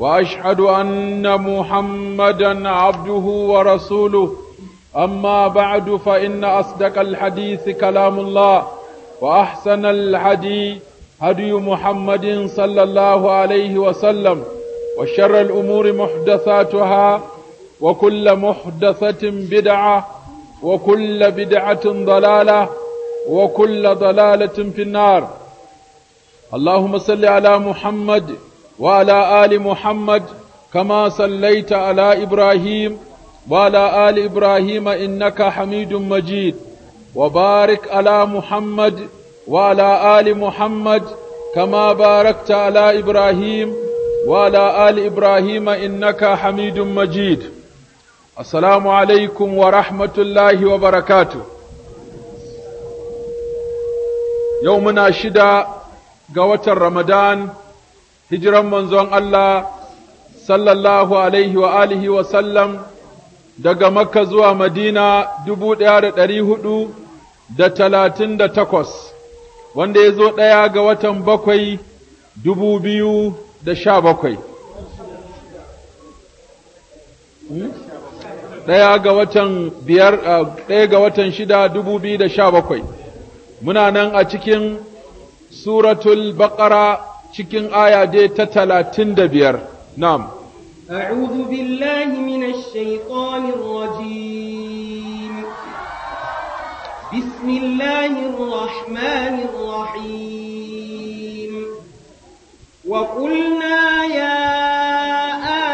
واشهد ان محمدا عبده ورسوله اما بعد فان اصدق الحديث كلام الله واحسن الهدي هدي محمد صلى الله عليه وسلم وشر الامور محدثاتها وكل محدثه بدعه وكل بدعه ضلاله وكل ضلاله في النار اللهم صل على محمد وعلى آل محمد كما صليت على إبراهيم وعلى آل إبراهيم إنك حميد مجيد وبارك على محمد وعلى آل محمد كما باركت على إبراهيم وعلى آل إبراهيم إنك حميد مجيد السلام عليكم ورحمة الله وبركاته يومنا شدا قوة رمضان hijiran manzon Allah sallallahu alaihi wa alihi wa sallam daga Makka zuwa Madina dubu ɗaya da ɗari hudu da talatin da takwas, wanda ya zo ɗaya ga watan bakwai dubu biyu da sha bakwai. Hmm? Ɗaya ga watan biyar, ɗaya ga watan shida dubu biyu da sha bakwai. Muna nan a cikin suratul baƙara cikin aya dai ta talatin da biyar nam a'udhu billahi minash shaitanir rajim bismillahir rahmanir rahim wa qulna ya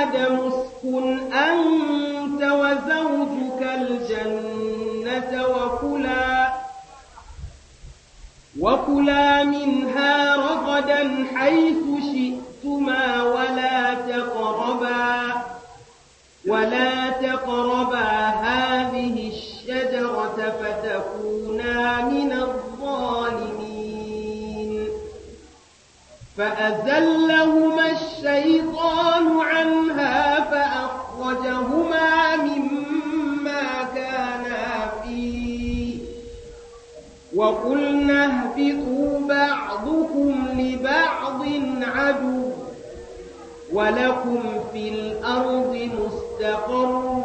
adam uskun anta wa zawjuka aljannata wa kula wa kula minha rahim غدا حيث شئتما ولا تقربا ولا تقربا هذه الشجرة فتكونا من الظالمين فأزلهما الشيطان عنها فأخرجهما مما وقلنا اهبطوا بعضكم لبعض عدو ولكم في الأرض مستقر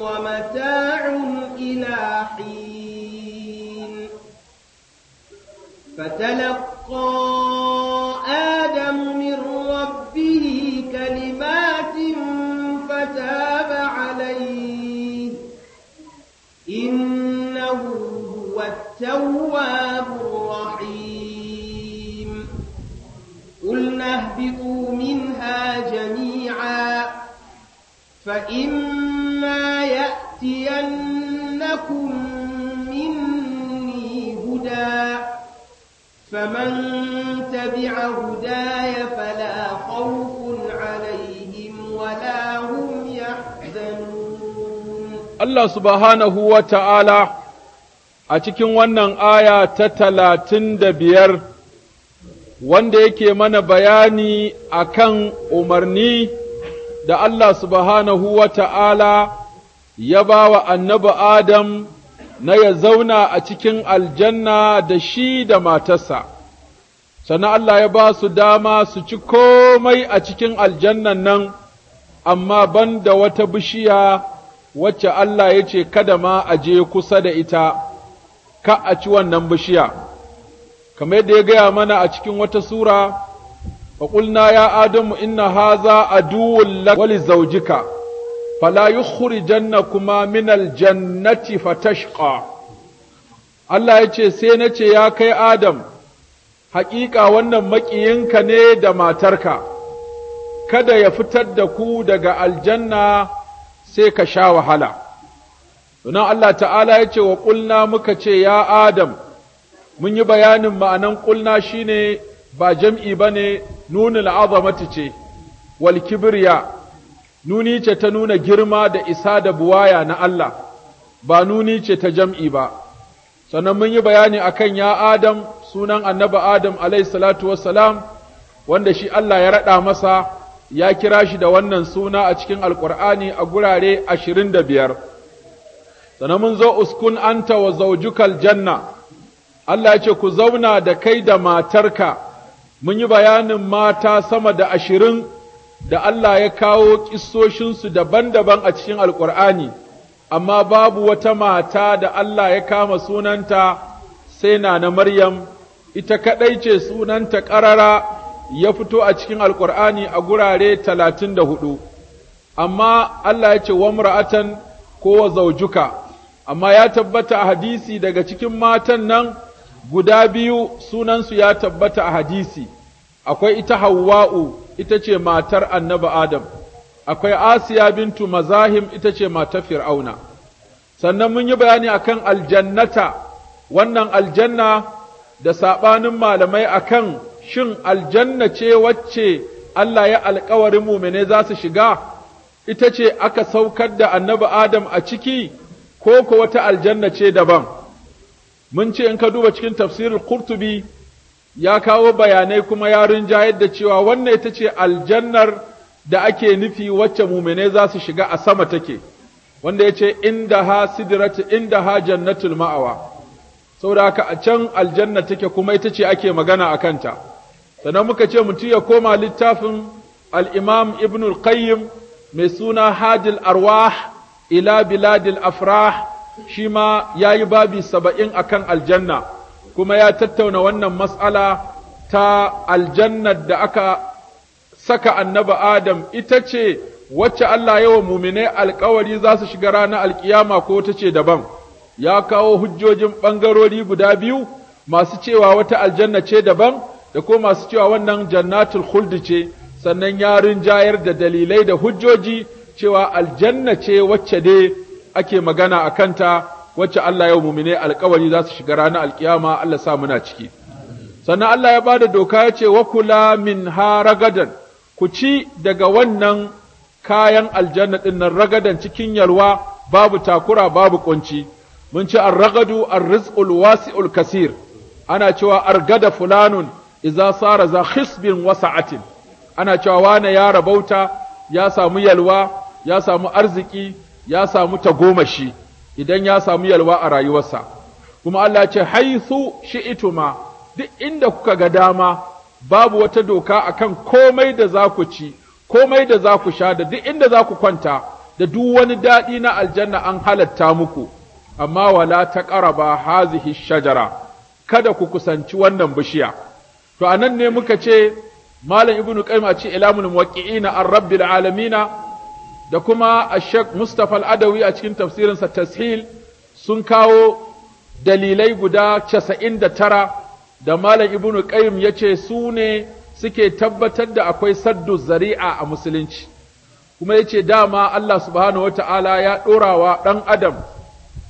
ومتاع إلى حين فتلقى التواب الرحيم قلنا اهبطوا منها جميعا فإما يأتينكم مني هدى فمن تبع هداي فلا خوف عليهم ولا هم يحزنون الله سبحانه وتعالى a cikin wannan aya ta talatin da biyar wanda yake mana bayani a kan umarni da Allah subhanahu wa ta'ala ya ba wa annabi Adam na ya zauna a cikin aljanna da shi da matarsa, sannan Allah ya ba su dama su ci komai a cikin aljannan nan, amma ban da wata bishiya wacce Allah ya ce kada ma a je kusa da ita. ka a ci wannan bishiya kamar yadda ya gaya mana a cikin wata sura wa ya adamu na haza a lak wa lizawjika fala kuma min aljannati fatashqa Allah ya ce sai na ce ya kai Adam haƙiƙa wannan maƙiyinka ne da matarka kada ya fitar da ku daga aljanna sai ka sha wahala Sunan Allah ta'ala ya ce wa ƙulna muka ce ya Adam, mun yi bayanin ma'anan ƙulna shi ne ba jam'i ba ne nuna azamati ce, walkibirya. nuni ce ta nuna girma da isa da buwaya na Allah, ba nuni ce ta jam'i ba. Sannan mun yi bayani a kan ya Adam, sunan annabi Adam salatu wassalam, wanda shi Allah ya raɗa masa, ya kira shi da wannan suna a cikin Alƙur'ani a gurare ashirin da biyar. sannan mun zo uskun anta wa zaujukal janna Allah yace ku zauna da kai da matarka mun yi bayanin mata sama da ashirin da Allah ya kawo kissoshinsu daban-daban a cikin alkur'ani amma babu wata mata da Allah ya kama sunanta sai na na Maryam ita kaɗai ce sunanta ƙarara ya fito a cikin alkur'ani a gurare talatin da hudu amma Allah yace ce wa mura'atan ko wa zaujuka amma ya tabbata a hadisi daga cikin matan nan guda biyu sunansu ya tabbata a hadisi akwai ita Hawwa'u ita ce matar Annabi Adam akwai Asiya bintu Mazahim ita ce matar Fir'auna sannan mun yi bayani akan aljannata wannan aljanna da saɓanin malamai akan shin aljanna ce wacce Allah ya alkawarin mumine za su shiga ita ce aka saukar da Annabi Adam a ciki ko ko wata aljanna ce daban mun ce in ka duba cikin tafsirin kurtubi ya kawo bayanai kuma ya rinja yadda cewa wannan ita ce aljannar da ake nufi wacce mumene za su shiga a sama take wanda ya ce inda ha sidratu inda ha jannatul ma'awa saboda haka a can aljanna take kuma ita ce ake magana a kanta sannan muka ce mutum ya koma littafin al-imam ibn al-qayyim mai suna hadil arwah ila biladil afrah shi ma ya yi babi saba'in a kan aljanna kuma ya tattauna wannan matsala ta aljannar da aka saka annaba Adam ita ce wacce Allah yawan muminai alkawari za su shiga rana alkiyama ko ta ce daban, ya kawo hujjojin ɓangarori guda biyu masu cewa wata aljanna ce daban da ko masu cewa wannan jannatul khuldi ce sannan ya rinjayar da dalilai da hujjoji cewa aljanna ce wacce dai ake magana a kanta wacce Allah ya mumine alkawari za su shiga ranar alkiyama Allah sa muna ciki sannan Allah ya ba da doka ya ce wa kula min ha ragadan ku ci daga wannan kayan aljanna ɗin nan ragadan cikin yalwa babu takura babu kunci mun ci an ragadu an rizqul wasi'ul kasir ana cewa argada fulanun iza sara za khisbin wasa'atin ana cewa wane ya rabauta ya samu yalwa ya samu arziki ya samu tagomashi idan ya samu yalwa a rayuwarsa kuma Allah ce haithu shi'ituma duk inda kuka ga dama babu wata doka akan komai da za ku ci komai da za ku sha da duk inda za ku kwanta da duk wani daɗi na aljanna an halatta muku amma wala ta ƙaraba hazihi shajara kada ku kusanci wannan bishiya to anan ne muka ce malam ibnu qayyim a ce ilamul muwaqqi'ina ar-rabbil alamina da kuma ashek Mustapha al a cikin tafsirinsa Tashil sun kawo dalilai guda casa'in da tara da Malam Ibnu Qayyim ya ce su ne suke tabbatar da akwai saddu zari'a a musulunci kuma ya ce dama Allah subhanahu wata'ala ya ɗorawa ɗan adam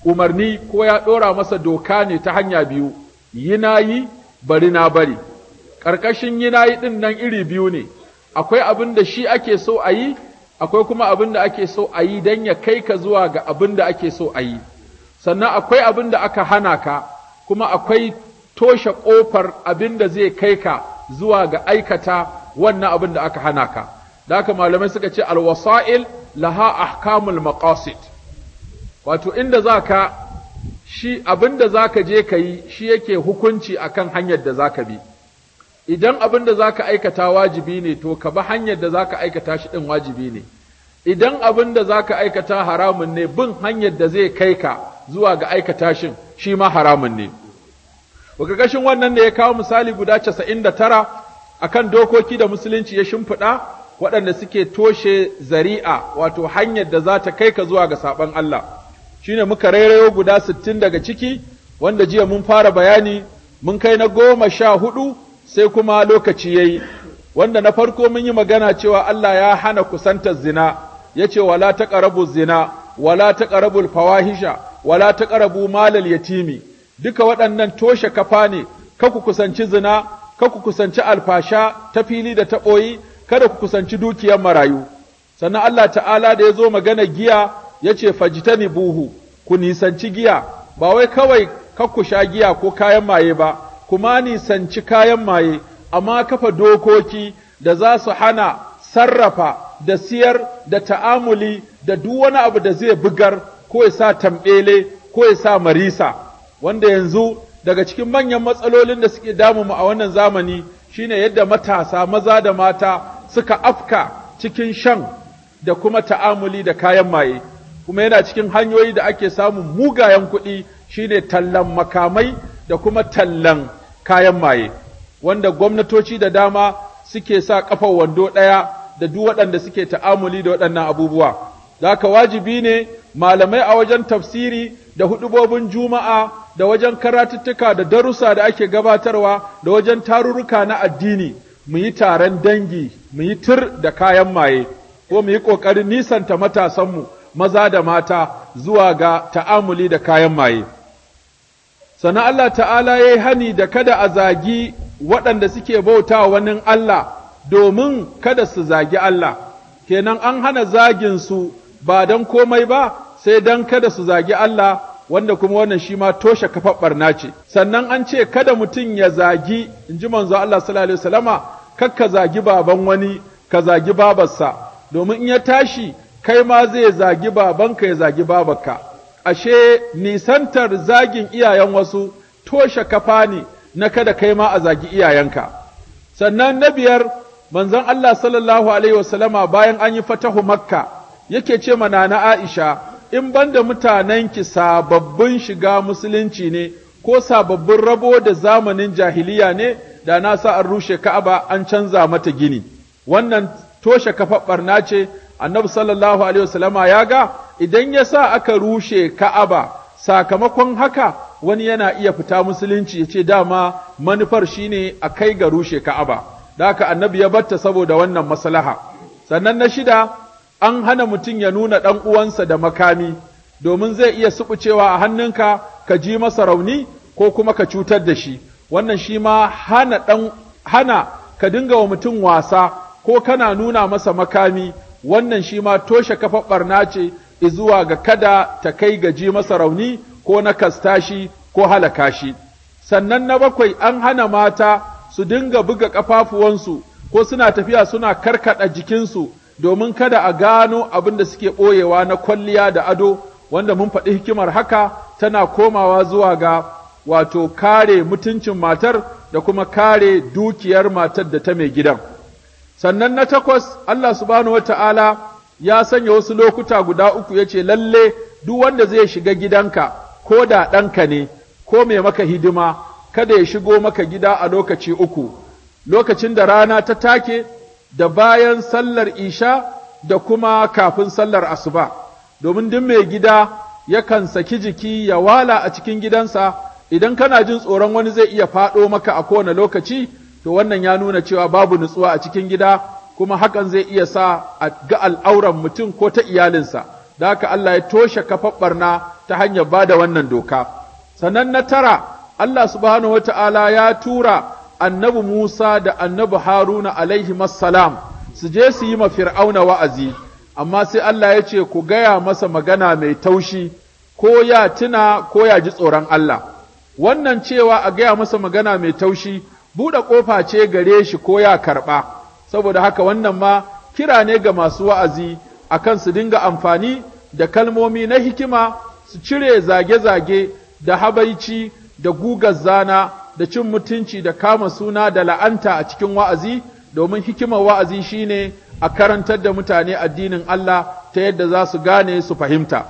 umarni ko ya ɗora masa doka ne ta hanya biyu yi yi bari na bari ƙarƙashin yi na yi ɗin nan iri biyu ne akwai abin da shi ake so a yi akwai kuma abin da ake so a yi don ya kai ka zuwa ga abin da ake so a yi sannan akwai abin da aka hana ka kuma akwai toshe ƙofar abin da zai kai ka zuwa ga aikata wannan abin da aka hana ka da haka malamai suka ce alwasa'il laha ahkamul maqasid wato inda za ka shi abin da za ka je ka yi shi yake hukunci akan hanyar da za ka bi idan abin da zaka aikata wajibi ne to ka bi hanyar da zaka aikata shi din wajibi ne idan abin da zaka aikata haramun ne bin hanyar da zai kai ka zuwa ga aikata shin shi ma haramun ne gashin wannan ne ya kawo misali guda casa'in da tara a kan dokoki da musulunci ya shimfiɗa waɗanda suke toshe zari'a wato hanyar da za ta kai ka zuwa ga saɓon Allah Shi ne muka rairayo guda sittin daga ciki wanda jiya mun fara bayani mun kai na goma sha hudu sai kuma lokaci ya yi. wanda na farko mun yi magana cewa Allah ya hana kusantar zina ya ce, wala ƙarabu zina wala ƙarabu fawahisha wala ƙarabu malal yatimi duka waɗannan toshe kafa ne ka ku kusanci zina ka ku kusanci alfasha ta fili da taɓoyi kada ku kusanci dukiyar marayu sannan Allah ta'ala da ya zo magana giya ya yace ni buhu ku nisanci giya ba wai kawai ka ku sha giya ko kayan maye ba kuma nisanci kayan maye, amma kafa dokoki da za su hana sarrafa da siyar da ta'amuli da duk wani abu da zai bugar ko ya sa tambele ko ya sa marisa, wanda yanzu daga cikin manyan matsalolin da suke damu a wannan zamani shine yadda matasa maza da mata suka afka cikin shan da kuma ta'amuli da kayan maye. kuma yana cikin hanyoyi da ake samun mugayen kuɗi shine tallan makamai da kuma tallan kayan maye, wanda gwamnatoci da dama suke sa ƙafar wando ɗaya da duk waɗanda suke ta'amuli da waɗannan abubuwa. Zaka wajibi ne malamai a wajen tafsiri da hudubobin juma'a da wajen karatuttuka da darussa da ake gabatarwa da wajen tarurruka na addini mu yi taron dangi mu yi tir da kayan maye ko mu yi ƙoƙarin nisanta matasanmu maza da mata zuwa ga ta'amuli da kayan maye. sannan Allah ta'ala ya yi hani da kada a zagi waɗanda suke bauta wa wani Allah domin kada su zagi Allah, kenan an hana zagin su ba don komai ba sai don kada su zagi Allah wanda kuma wannan shi ma toshe kafar barna ce. Sannan an ce kada mutum ya zagi, in ji manzo Allah sallallahu Alaihi kar ka zagi baban wani, ka zagi babarsa, domin in ya tashi kai ma zai zagi babanka ya zagi babarka. ashe nisantar zagin iyayen wasu toshe kafa ne na kada kai ma a zagi iyayenka sannan na biyar manzon Allah sallallahu alaihi wasallama bayan an yi fatahu makka yake ce mana na Aisha in banda mutanenki sababbin shiga musulunci ne ko sababbin rabo da zamanin jahiliya ne da na sa an rushe Ka'aba an canza mata gini wannan toshe kafa barna ce annabi sallallahu alaihi wasallama ya ga idan ya sa aka rushe Ka'aba sakamakon haka wani yana iya fita musulunci ya ce dama manufar shine a kai ga rushe Ka'aba da haka annabi ya batta saboda wannan maslaha sannan na shida an hana mutum ya nuna ɗan uwansa da makami domin zai iya subucewa a hannunka ka ji masa rauni ko kuma ka cutar da shi wannan shi ma hana dan, hana ka dinga wa mutum wasa ko kana nuna masa makami wannan shi ma toshe kafa ɓarna ce izuwa ga kada ta kai gaji masa rauni ko na kastashi ko halaka shi sannan na bakwai an hana mata su dinga buga ƙafafuwansu ko suna tafiya suna karkaɗa jikinsu domin kada a gano abin da suke ɓoyewa na kwalliya da ado wanda mun faɗi hikimar haka tana komawa zuwa ga wato kare mutuncin matar da kuma kare dukiyar matar da ta mai gidan sannan na takwas Allah subhanahu wata'ala ya sanya wasu lokuta guda uku ya ce lalle duk wanda zai shiga gidanka ko da ɗanka ne ko mai maka hidima kada ya shigo maka gida a lokaci uku lokacin da rana ta take da bayan sallar isha da kuma kafin sallar asuba domin duk mai gida yakan saki jiki ya wala a cikin gidansa idan kana jin tsoron wani zai iya faɗo maka a kowane lokaci to wannan ya nuna cewa babu nutsuwa a cikin gida kuma hakan zai iya sa a ga al'auran mutum ko ta iyalinsa da haka Allah ya toshe kafar ta hanyar ba da wannan doka sannan na tara Allah subhanahu wata'ala ya tura annabi Musa da annabi Haruna alaihi salam su je su yi ma Fir'auna wa'azi amma sai Allah ya ce ku gaya masa magana mai taushi ko ya tuna ko ya ji tsoron Allah wannan cewa a gaya masa magana mai taushi buɗe ƙofa ce gare shi ko ya karɓa saboda haka wannan ma kira ne ga masu wa'azi akan su dinga amfani da kalmomi na hikima su cire zage-zage da habaici da gugar zana da cin mutunci da kama suna da la'anta a cikin wa'azi domin hikimar wa'azi shi ne a karantar da mutane addinin Allah ta yadda za su gane su fahimta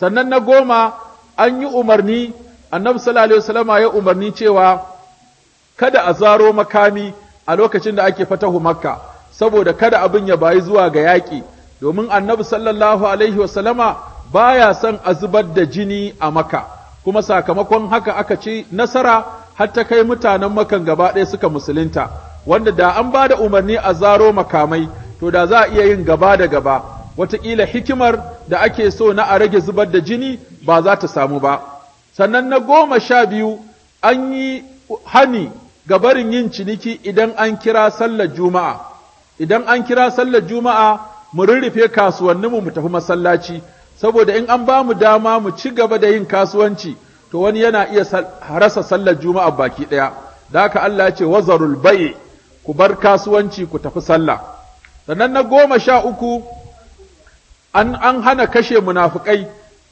sannan na goma an yi umarni annabi salama ya umarni cewa kada a zaro makami a lokacin da ake fatahu makka saboda kada abin ya bayi zuwa ga yaƙi domin annabi sallallahu alaihi wasallama baya son a zubar da jini a makka kuma sakamakon haka aka ci nasara har ta kai mutanen makan gaba ɗaya suka musulunta wanda da an ba da umarni a zaro makamai to da za a iya yin gaba da gaba wataƙila hikimar da ake so na a rage zubar da jini ba za ta samu ba sannan na goma sha biyu an yi hani ga barin yin ciniki idan an kira sallar juma'a idan an kira sallar juma'a mu rurrufe kasuwanninmu mu tafi masallaci saboda in an ba mu dama mu ci gaba da yin kasuwanci to wani yana iya rasa sallar juma'a baki ɗaya da haka Allah ya ce wazarul bai ku bar kasuwanci ku tafi sallah sannan na goma sha uku an an hana kashe munafukai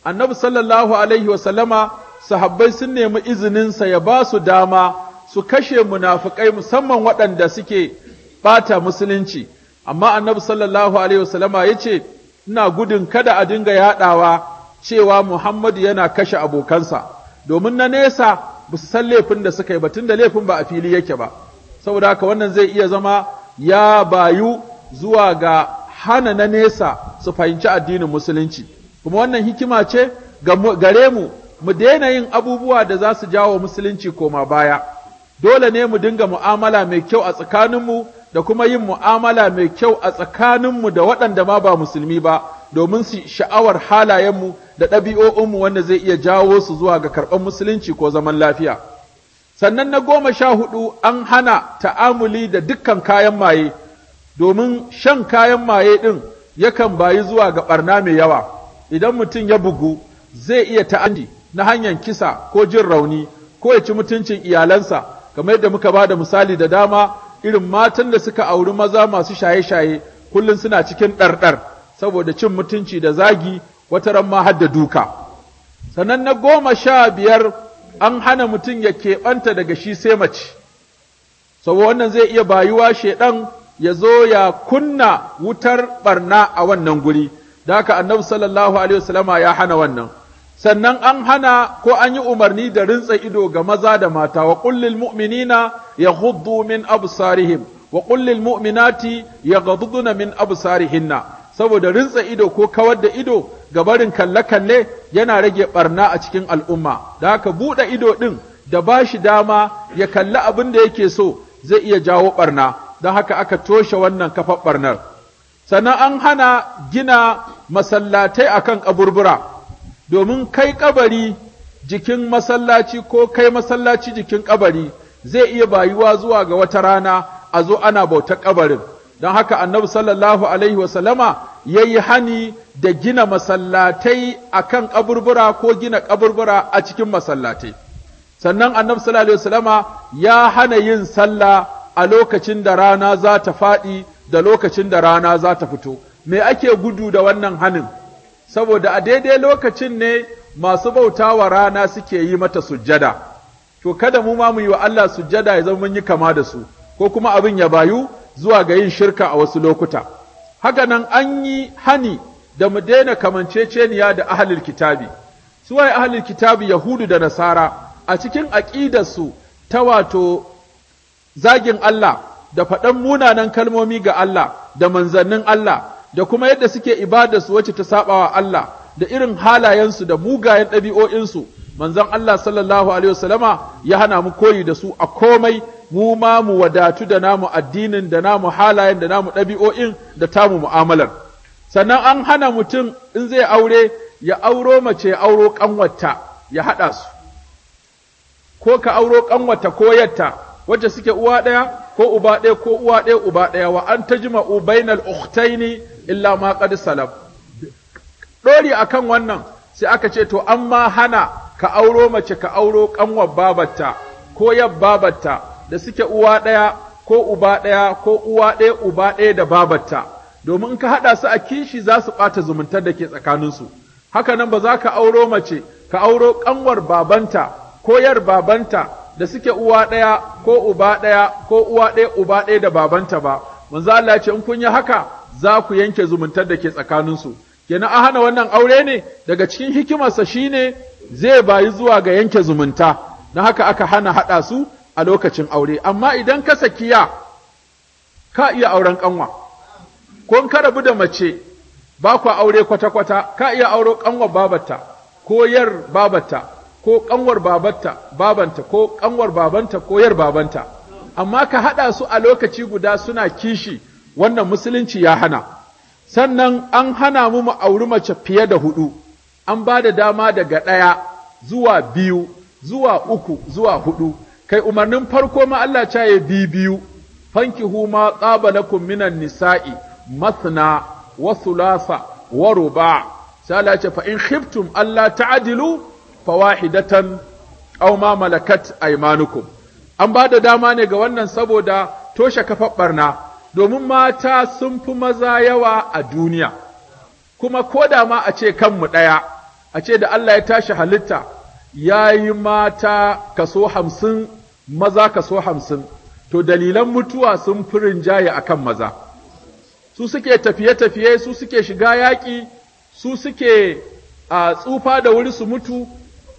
annabi sallallahu alaihi wa sallama sahabbai sun nemi izininsa ya ba su dama su kashe munafukai musamman waɗanda suke bata musulunci, amma annabi sallallahu Alaihi wasallama ya ce, Ina gudun kada a dinga yaɗawa cewa Muhammadu yana kashe abokansa, domin na nesa ba su san laifin da suka yi ba, da laifin ba a fili yake ba, saboda haka wannan zai iya zama ya bayu zuwa ga hana na nesa su fahimci addinin musulunci, kuma wannan hikima ce gare mu mu daina yin abubuwa da za su jawo musulunci koma baya. dole ne mu dinga mu'amala mai kyau a tsakaninmu da kuma yin mu'amala mai kyau a tsakaninmu da waɗanda ma ba musulmi ba domin su sha'awar halayenmu da ɗabi'o'inmu wanda zai iya jawo su zuwa ga karɓar musulunci ko zaman lafiya. Sannan na goma sha hudu an hana ta'amuli da dukkan kayan maye domin shan kayan maye ɗin yakan bayi zuwa ga ɓarna mai yawa idan mutum ya bugu zai iya ta'andi na hanyar kisa ko jin rauni ko ya ci mutuncin iyalansa kamar yadda muka ba da misali da dama irin matan da suka auri maza masu shaye-shaye kullum suna cikin ɗarɗar saboda cin mutunci da zagi wata ran ma har da duka sannan na goma sha biyar an hana mutum ya keɓanta daga shi sai mace saboda wannan zai iya bayuwa shaiɗan ya zo ya kunna wutar ɓarna a wannan guri da haka annabi sallallahu alaihi wasallama ya hana wannan sannan an hana ko an yi umarni da rintsa ido ga maza da mata wa kullil mu'minina huddu min absarihim wa kullil mu'minati gaduduna min absarihinna saboda rintsa ido ko kawar da ido ga barin kalle-kalle yana rage barna a cikin al'umma da haka buɗe ido ɗin da ba shi dama ya kalli abin da yake so zai iya jawo barna don haka aka toshe wannan kafar barnar sannan an hana gina masallatai akan kaburbura domin kai kabari jikin masallaci ko kai masallaci jikin kabari zai iya bayuwa zuwa ga wata rana a zo ana bauta kabarin don haka annabi sallallahu alaihi wasallama ya yi hani da gina masallatai a kan kaburbura ko gina kaburbura a cikin masallatai sannan annabi sallallahu alaihi wasallama ya hana yin sallah a lokacin da rana za ta faɗi da lokacin da rana za ta fito me ake gudu da wannan hanin saboda a daidai lokacin ne masu bauta wa rana suke yi mata sujjada to kada mu ma mu yi wa Allah sujjada ya zama mun yi kama da su ko kuma abin ya bayu zuwa ga yin shirka a wasu lokuta haka nan an yi hani da mu daina kamanceceniya da ahlul kitabi wai ahlul kitabi yahudu da nasara a cikin aqidarsu ta wato zagin Allah da faɗan munanan kalmomi ga Allah da manzannin Allah da kuma yadda suke su wacce ta wa Allah da irin halayensu da mugayen ɗabi'o'insu manzon Allah sallallahu alaihi wasallama ya hana mu koyi da su a komai mu ma mu wadatu da namu addinin da namu halayen da namu ɗabi'o'in da tamu mu'amalar sannan an hana mutum in zai aure ya auro mace ya auro ƙanwata ya haɗa su ko ka auro ƙanwata ko yatta wacce suke uwa ɗaya ko uba ɗaya ko uwa ɗaya uba ɗaya wa an jima ubainal ukhtaini illa ma qad salaf dori akan wannan sai aka ce to amma hana ka auro mace ka auro kanwar babarta ko yab babarta da suke uwa ɗaya ko uba ɗaya ko uwa ɗaya uba ɗaya da babarta domin ka haɗa su a kishi za su bata zumuntar da ke tsakaninsu haka nan ba za ka auro mace ka auro ƙanwar babanta ko yar babanta da suke uwa ɗaya ko uba ɗaya ko uwa ɗaya uba ɗaya da babanta ba manzo Allah ya ce in kun yi haka za ku yanke zumuntar da ke tsakaninsu kenan a hana wannan aure ne daga cikin hikimarsa shi ne zai bayi zuwa ga yanke zumunta na haka aka hana haɗa su a lokacin aure amma idan ka sakiya ka iya auren ƙanwa ko ka rabu da mace ba ku aure kwata-kwata ka iya auro ƙanwar babarta ko yar babarta ko ƙanwar babarta babanta ko ƙanwar babanta ko yar babanta amma ka haɗa su a lokaci guda suna kishi wannan musulunci ya hana sannan an hana mu mu auri mace fiye da hudu an ba da dama daga ɗaya zuwa biyu zuwa uku zuwa hudu kai umarnin farko ma Allah ya yi bi biyu fanki ma tsaba minan nisa'i masna wa thulatha wa ruba' sala Allah ce fa in khiftum Allah ta'dilu fawahidatan aw ma malakat aymanukum an ba da dama ne ga wannan saboda toshe kafar barna domin mata sun fi maza yawa a duniya, kuma ko da ma a ce kanmu ɗaya, a ce da Allah ya tashi halitta ya yi mata kaso hamsin, maza kaso hamsin, to dalilan mutuwa sun fi rinjaye a kan maza. Su suke tafiye-tafiye, su suke shiga yaƙi, su suke a tsufa da wuri su mutu,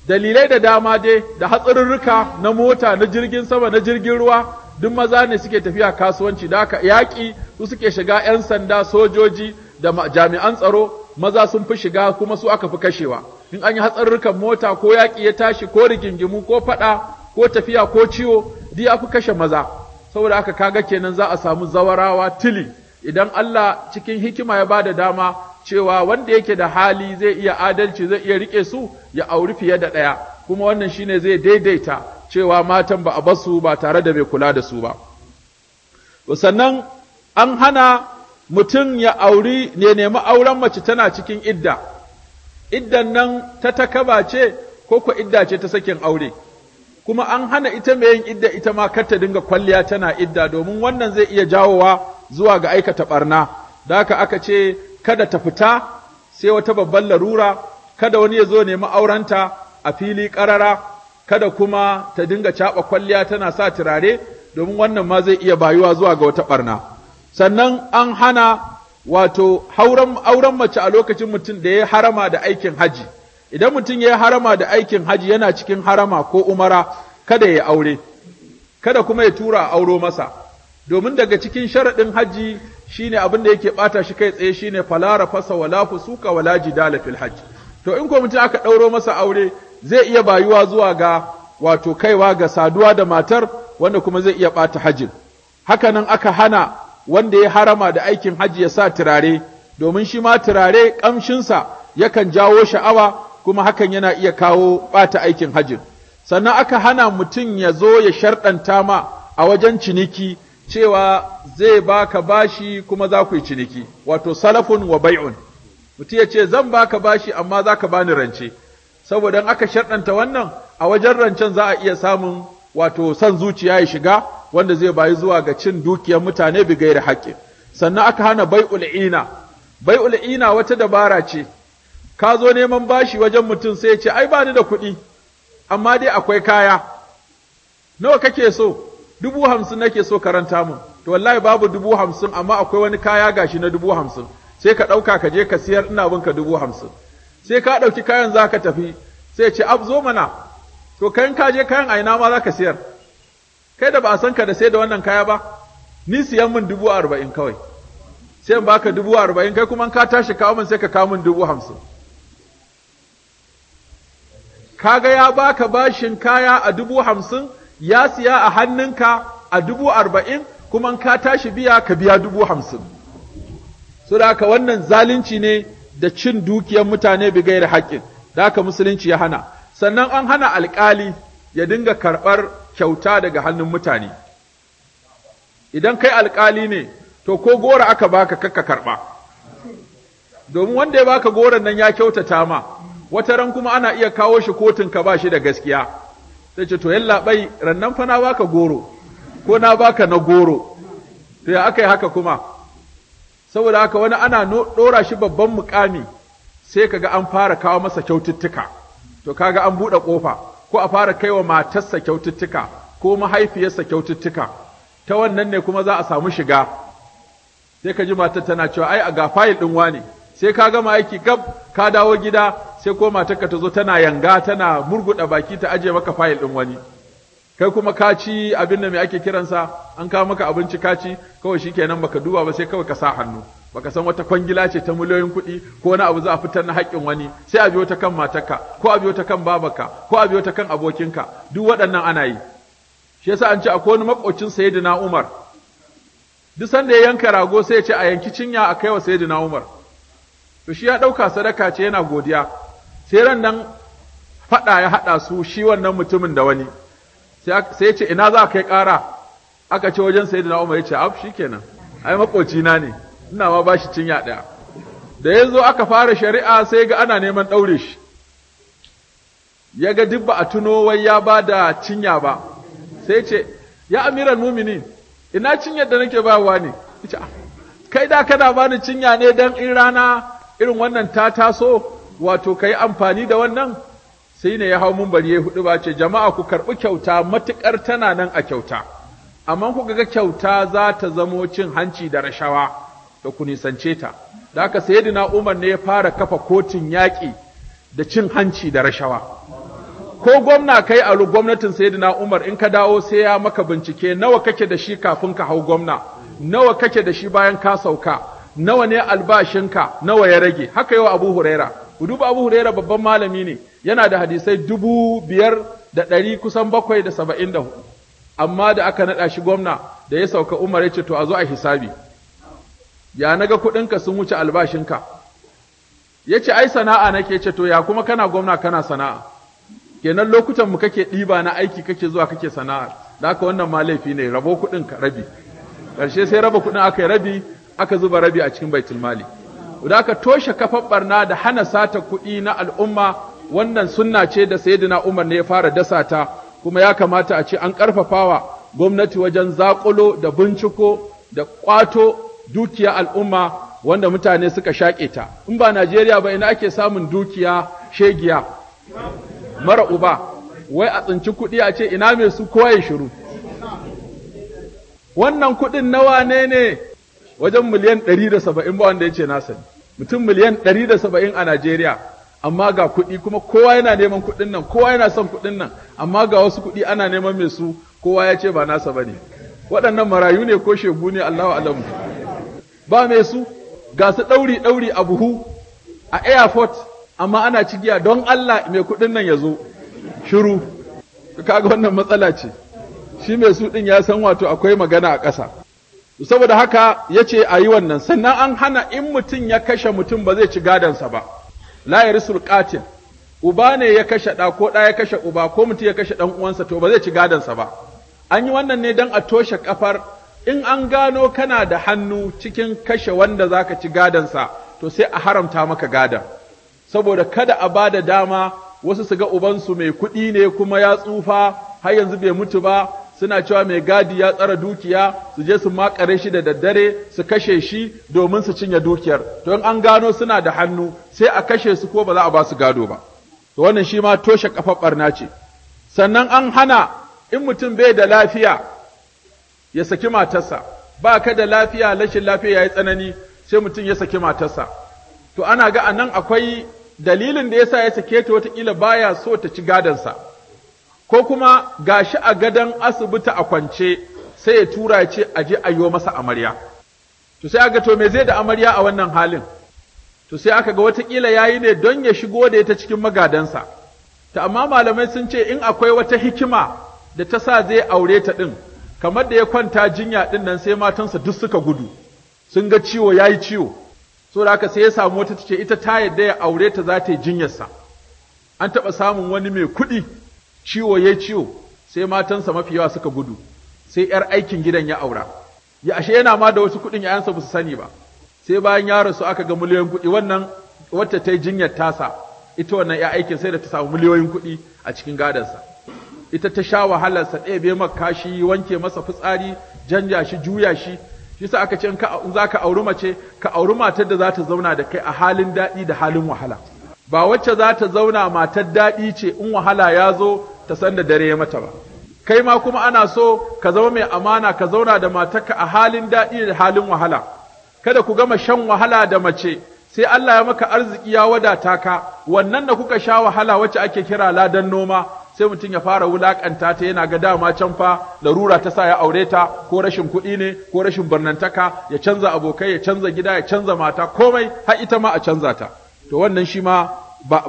dalilai da dama dai, da hatsarurruka na mota, na jirgin sama, na jirgin ruwa, duk maza ne suke tafiya kasuwanci da aka yaƙi su suke shiga 'yan sanda sojoji da jami'an tsaro maza sun fi shiga kuma su aka fi kashewa in an yi hatsarurrukan mota ko yaki ya tashi ko rigingimu ko faɗa ko tafiya ko ciwo duk ya fi kashe maza saboda aka kaga kenan za a samu zawarawa tili idan Allah cikin hikima ya bada dama cewa wanda yake da hali zai iya adalci zai iya riƙe su ya auri fiye da ɗaya kuma wannan shine zai daidaita cewa matan ba a basu ba tare da mai kula da su ba. Sannan an hana mutum ya auri ne nemi auren mace tana cikin idda, iddan nan ta takaba ce ko ku idda ce ta sakin aure, kuma an hana ita mai yin idda ita ma kar ta dinga kwalliya tana idda domin wannan zai iya jawowa zuwa ga aikata barna, da haka aka ce kada ta fita sai wata babban larura, kada wani ya zo nemi aurenta a fili ƙarara kada kuma ta dinga caɓa kwalliya tana sa turare domin wannan ma zai iya bayuwa zuwa ga wata ɓarna sannan an hana wato hauren auren mace a lokacin mutum da ya harama da aikin haji idan mutum ya harama da aikin haji yana cikin harama ko umara kada ya aure kada kuma ya tura auro masa domin daga cikin sharaɗin haji shine abin da yake bata shi kai tsaye shine falara fasa wala fusuka wala jidala fil haji to in ko mutum aka ɗauro masa aure zai iya bayuwa zuwa ga wato kaiwa ga saduwa da matar wanda kuma zai iya ɓata Haka hakanan aka hana wanda ya harama da aikin haji ya sa turare domin shi ma turare ƙamshinsa yakan jawo sha'awa kuma hakan yana iya kawo ɓata aikin hajji. sannan aka hana mutum ya zo ya sharɗanta ma a wajen ciniki cewa zai baka bashi kuma za ku yi ciniki wato salafun wa bai'un mutum ya ce zan baka bashi amma za ka bani rance saboda aka sharɗanta wannan a wajen rancen za a iya samun wato son zuciya ya shiga wanda zai bayi zuwa ga cin dukiyar mutane bi da haƙƙi sannan aka hana bai ul'ina. Bai ul'ina wata dabara ce ka zo neman bashi wajen mutum sai ya ce ai bani da kuɗi amma dai akwai kaya nawa kake so dubu hamsin nake so karanta mun to wallahi babu dubu hamsin amma akwai wani kaya gashi na dubu hamsin sai ka ɗauka ka je ka siyar ina bin ka dubu hamsin sai ka ɗauki kayan za ka tafi sai ce ab zo mana to kayan ka je kayan a ina ma za ka siyar kai da ba a san ka da sai da wannan kaya ba ni siyan min dubu arba'in kawai sai in baka dubu arba'in kai kuma ka tashi kawo min sai ka kawo min dubu hamsin kaga ya baka bashin kaya a dubu hamsin ya siya a hannunka a dubu arba'in kuma ka tashi biya ka biya dubu hamsin. So da haka wannan zalunci ne da cin dukiyar mutane bi gairi haƙƙin da haka musulunci ya hana sannan an hana alƙali ya dinga karɓar kyauta daga hannun mutane idan kai alƙali ne to ko gora aka baka kakka karɓa domin wanda ya baka goron nan ya kyautata ma wata ran kuma ana iya kawo shi kotun ka ba shi da gaskiya sai ce to yalla bai rannan fa na baka goro ko na baka na goro to ya aka haka kuma saboda haka wani ana ɗora shi babban mukami sai kaga an fara kawo masa kyaututtuka to kaga an buɗe ƙofa ko a fara kaiwa matarsa kyaututtuka ko mahaifiyarsa kyaututtuka ta wannan ne kuma za a samu shiga sai ka ji matar tana cewa ai a ga fayil ɗin wani. sai ka gama aiki gab ka dawo gida sai ko matarka ta zo tana yanga tana murguɗa baki ta ajiye maka fayil ɗin wani kai kuma ka ci abin da me ake kiransa an kawo maka abinci ka ci kawai kenan baka duba ba sai kawai ka sa hannu baka san wata kwangila ce ta miliyoyin kuɗi ko wani abu za a fitar na haƙƙin wani sai a biyo ta kan matarka ko a biyo ta kan babarka ko a biyo ta kan abokinka duk waɗannan ana yi shi yasa an ce akwai wani makocin sayyidina Umar duk sanda ya yanka rago sai ya ce a yanki cinya a kaiwa sayyidina Umar to shi ya ɗauka sadaka ce yana godiya sai ran nan faɗa ya haɗa su shi wannan mutumin da wani sai ce ina za kai kara? aka ce wajen da Umar ya ce af shikenan ai makoci na ne ina ma bashi cinya daya? da ya aka fara shari'a sai ga ana neman ɗaure shi ya ga duk ba a tuno wai ya ba da cinya ba sai ce ya amiran mumini ina cinya da nake bayarwa ne ah, kai da kana bani cinya ne dan in rana irin wannan ta taso wato kai amfani da wannan sai ne ya hau mumbari ya hudu ba ce jama'a ku karɓi kyauta matuƙar tana nan a kyauta amma ku ga kyauta za ta zamo cin hanci da rashawa da ku nisance ta da haka yadda Umar ne ya fara kafa kotun yaƙi da cin hanci da rashawa ko gwamna kai a gwamnatin sayyidina Umar in ka dawo sai ya maka bincike nawa kake da shi kafin ka hau gwamna nawa kake da shi bayan ka sauka nawa ne albashinka nawa ya rage haka yau Abu Huraira ku duba Abu Huraira babban malami ne yana da hadisai dubu biyar da ɗari kusan bakwai da saba'in da hudu amma da aka naɗa shi gwamna da ya sauka umar ya ce to a zo a hisabi ya naga kuɗinka sun wuce albashinka ya ce ai sana'a nake ce to ya kuma kana gwamna kana sana'a kenan lokutan mu kake ɗiba na aiki kake zuwa kake sana'a da aka wannan ma laifi ne rabo kuɗin rabi ƙarshe sai raba kuɗin aka yi rabi aka zuba rabi a cikin baitulmali mali da aka toshe kafar barna da hana sata kuɗi na al'umma wannan sunna ce da sayyidina Umar ne ya fara dasa ta kuma ya kamata a ce an ƙarfafawa gwamnati wajen zaƙulo da binciko da ƙwato dukiya al'umma wanda mutane suka shake ta in ba Najeriya ba ina ake samun dukiya shegiya mara uba wai a tsinci kuɗi a ce ina mai su kowa ya shiru wannan kuɗin nawa ne ne wajen miliyan ɗari da ba wanda ya ce na mutum miliyan ɗari a Najeriya amma ga kuɗi kuma kowa yana neman kuɗin nan kowa yana son kuɗin nan amma ga wasu kuɗi ana neman mai su kowa ya ce ba nasa ba ne. waɗannan marayu ne ko shegu ne Allahu alamu ba mai su ga su ɗauri ɗauri a buhu a airport amma ana cigiya don Allah mai kuɗin nan ya zo shiru kaga wannan matsala ce shi mai su ɗin ya san wato akwai magana a ƙasa saboda haka ya ce a yi wannan sannan an hana in mutum ya kashe mutum ba zai ci gadonsa ba la risul katil uba ne ya kashe ɗa ko ɗa ya kashe uba ko mutum ya kashe ɗan uwansa to ba zai ci gadonsa ba an yi wannan ne don a toshe kafar in an gano kana da hannu cikin kashe wanda za ka ci gadansa to sai a haramta maka gadon. saboda kada a ba da dama wasu su ga ubansu mai kuɗi ne kuma ya tsufa har yanzu bai mutu ba suna cewa mai gadi ya tsara dukiya su je su makare shi da daddare su kashe shi domin su cinye dukiyar to in an gano suna da hannu sai a kashe su ko ba za a ba su gado ba to wannan shi ma toshe kafar barna ce sannan an hana in mutum bai da lafiya ya saki matarsa ba ka da lafiya rashin lafiya yi tsanani sai mutum ya saki matarsa to ana ga anan akwai dalilin da yasa ya sake ta watakila baya so ta ci gadonsa ko kuma ga shi a gadon asibiti a kwance sai ya tura ce a je a yi masa amarya to sai aka to me zai da amarya a wannan halin to sai aka ga watakila yayi ne don ya shigo da ita cikin magadansa ta amma malamai sun ce in akwai wata hikima da ta sa zai aure ta din kamar da ya kwanta jinya din nan sai matansa duk suka gudu sun ga ciwo yayi ciwo saboda haka sai ya samu wata ta ce ita ta yadda ya aure ta za ta yi jinyarsa an taɓa samun wani mai kuɗi ciwo ya ciwo sai matansa mafi yawa suka gudu sai ‘yar aikin gidan ya aura ya ashe yana ma da wasu kuɗin ‘ya'yansa ba su sani ba sai bayan ya rasu aka ga miliyoyin kuɗi wannan wata ta yi jinyar tasa ita wannan ‘ya aikin sai da ta samu miliyoyin kuɗi a cikin gadansa ita ta sha wahalarsa ɗebe maka kashi, wanke masa fitsari janja shi juya shi shi sa aka ce in za ka auri mace ka auri matar da za ta zauna da kai a halin daɗi da halin wahala ba wacce za ta zauna matar daɗi ce in wahala ya zo ta san da dare ya mata ba kai ma kuma ana so ka zama mai amana ka zauna da matarka a halin daɗi da halin wahala kada ku gama shan wahala da mace sai Allah ya maka arziki ya wadata ka wannan da kuka sha wahala wacce ake kira ladan noma sai mutum ya fara wulakanta ta yana ga dama can fa larura ta sa ya aure ta ko rashin kuɗi ne ko rashin barnantaka ya canza abokai ya canza gida ya canza mata komai har ita ma a canza ta to wannan shi ma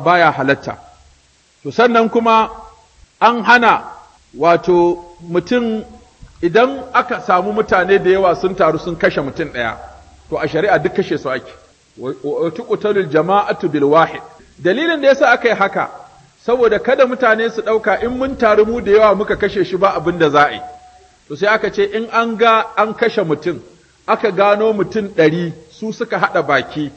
baya halatta to sannan kuma an hana wato mutum idan aka samu mutane da yawa sun taru sun kashe mutum ɗaya to a shari'a duk kashe su ake wato tuqtalul jama'atu bil wahid dalilin da yasa aka yi haka saboda kada mutane su ɗauka in mun taru mu da yawa muka kashe shi ba abinda da za a yi to sai aka ce in an ga an kashe mutum aka gano mutum ɗari su suka haɗa baki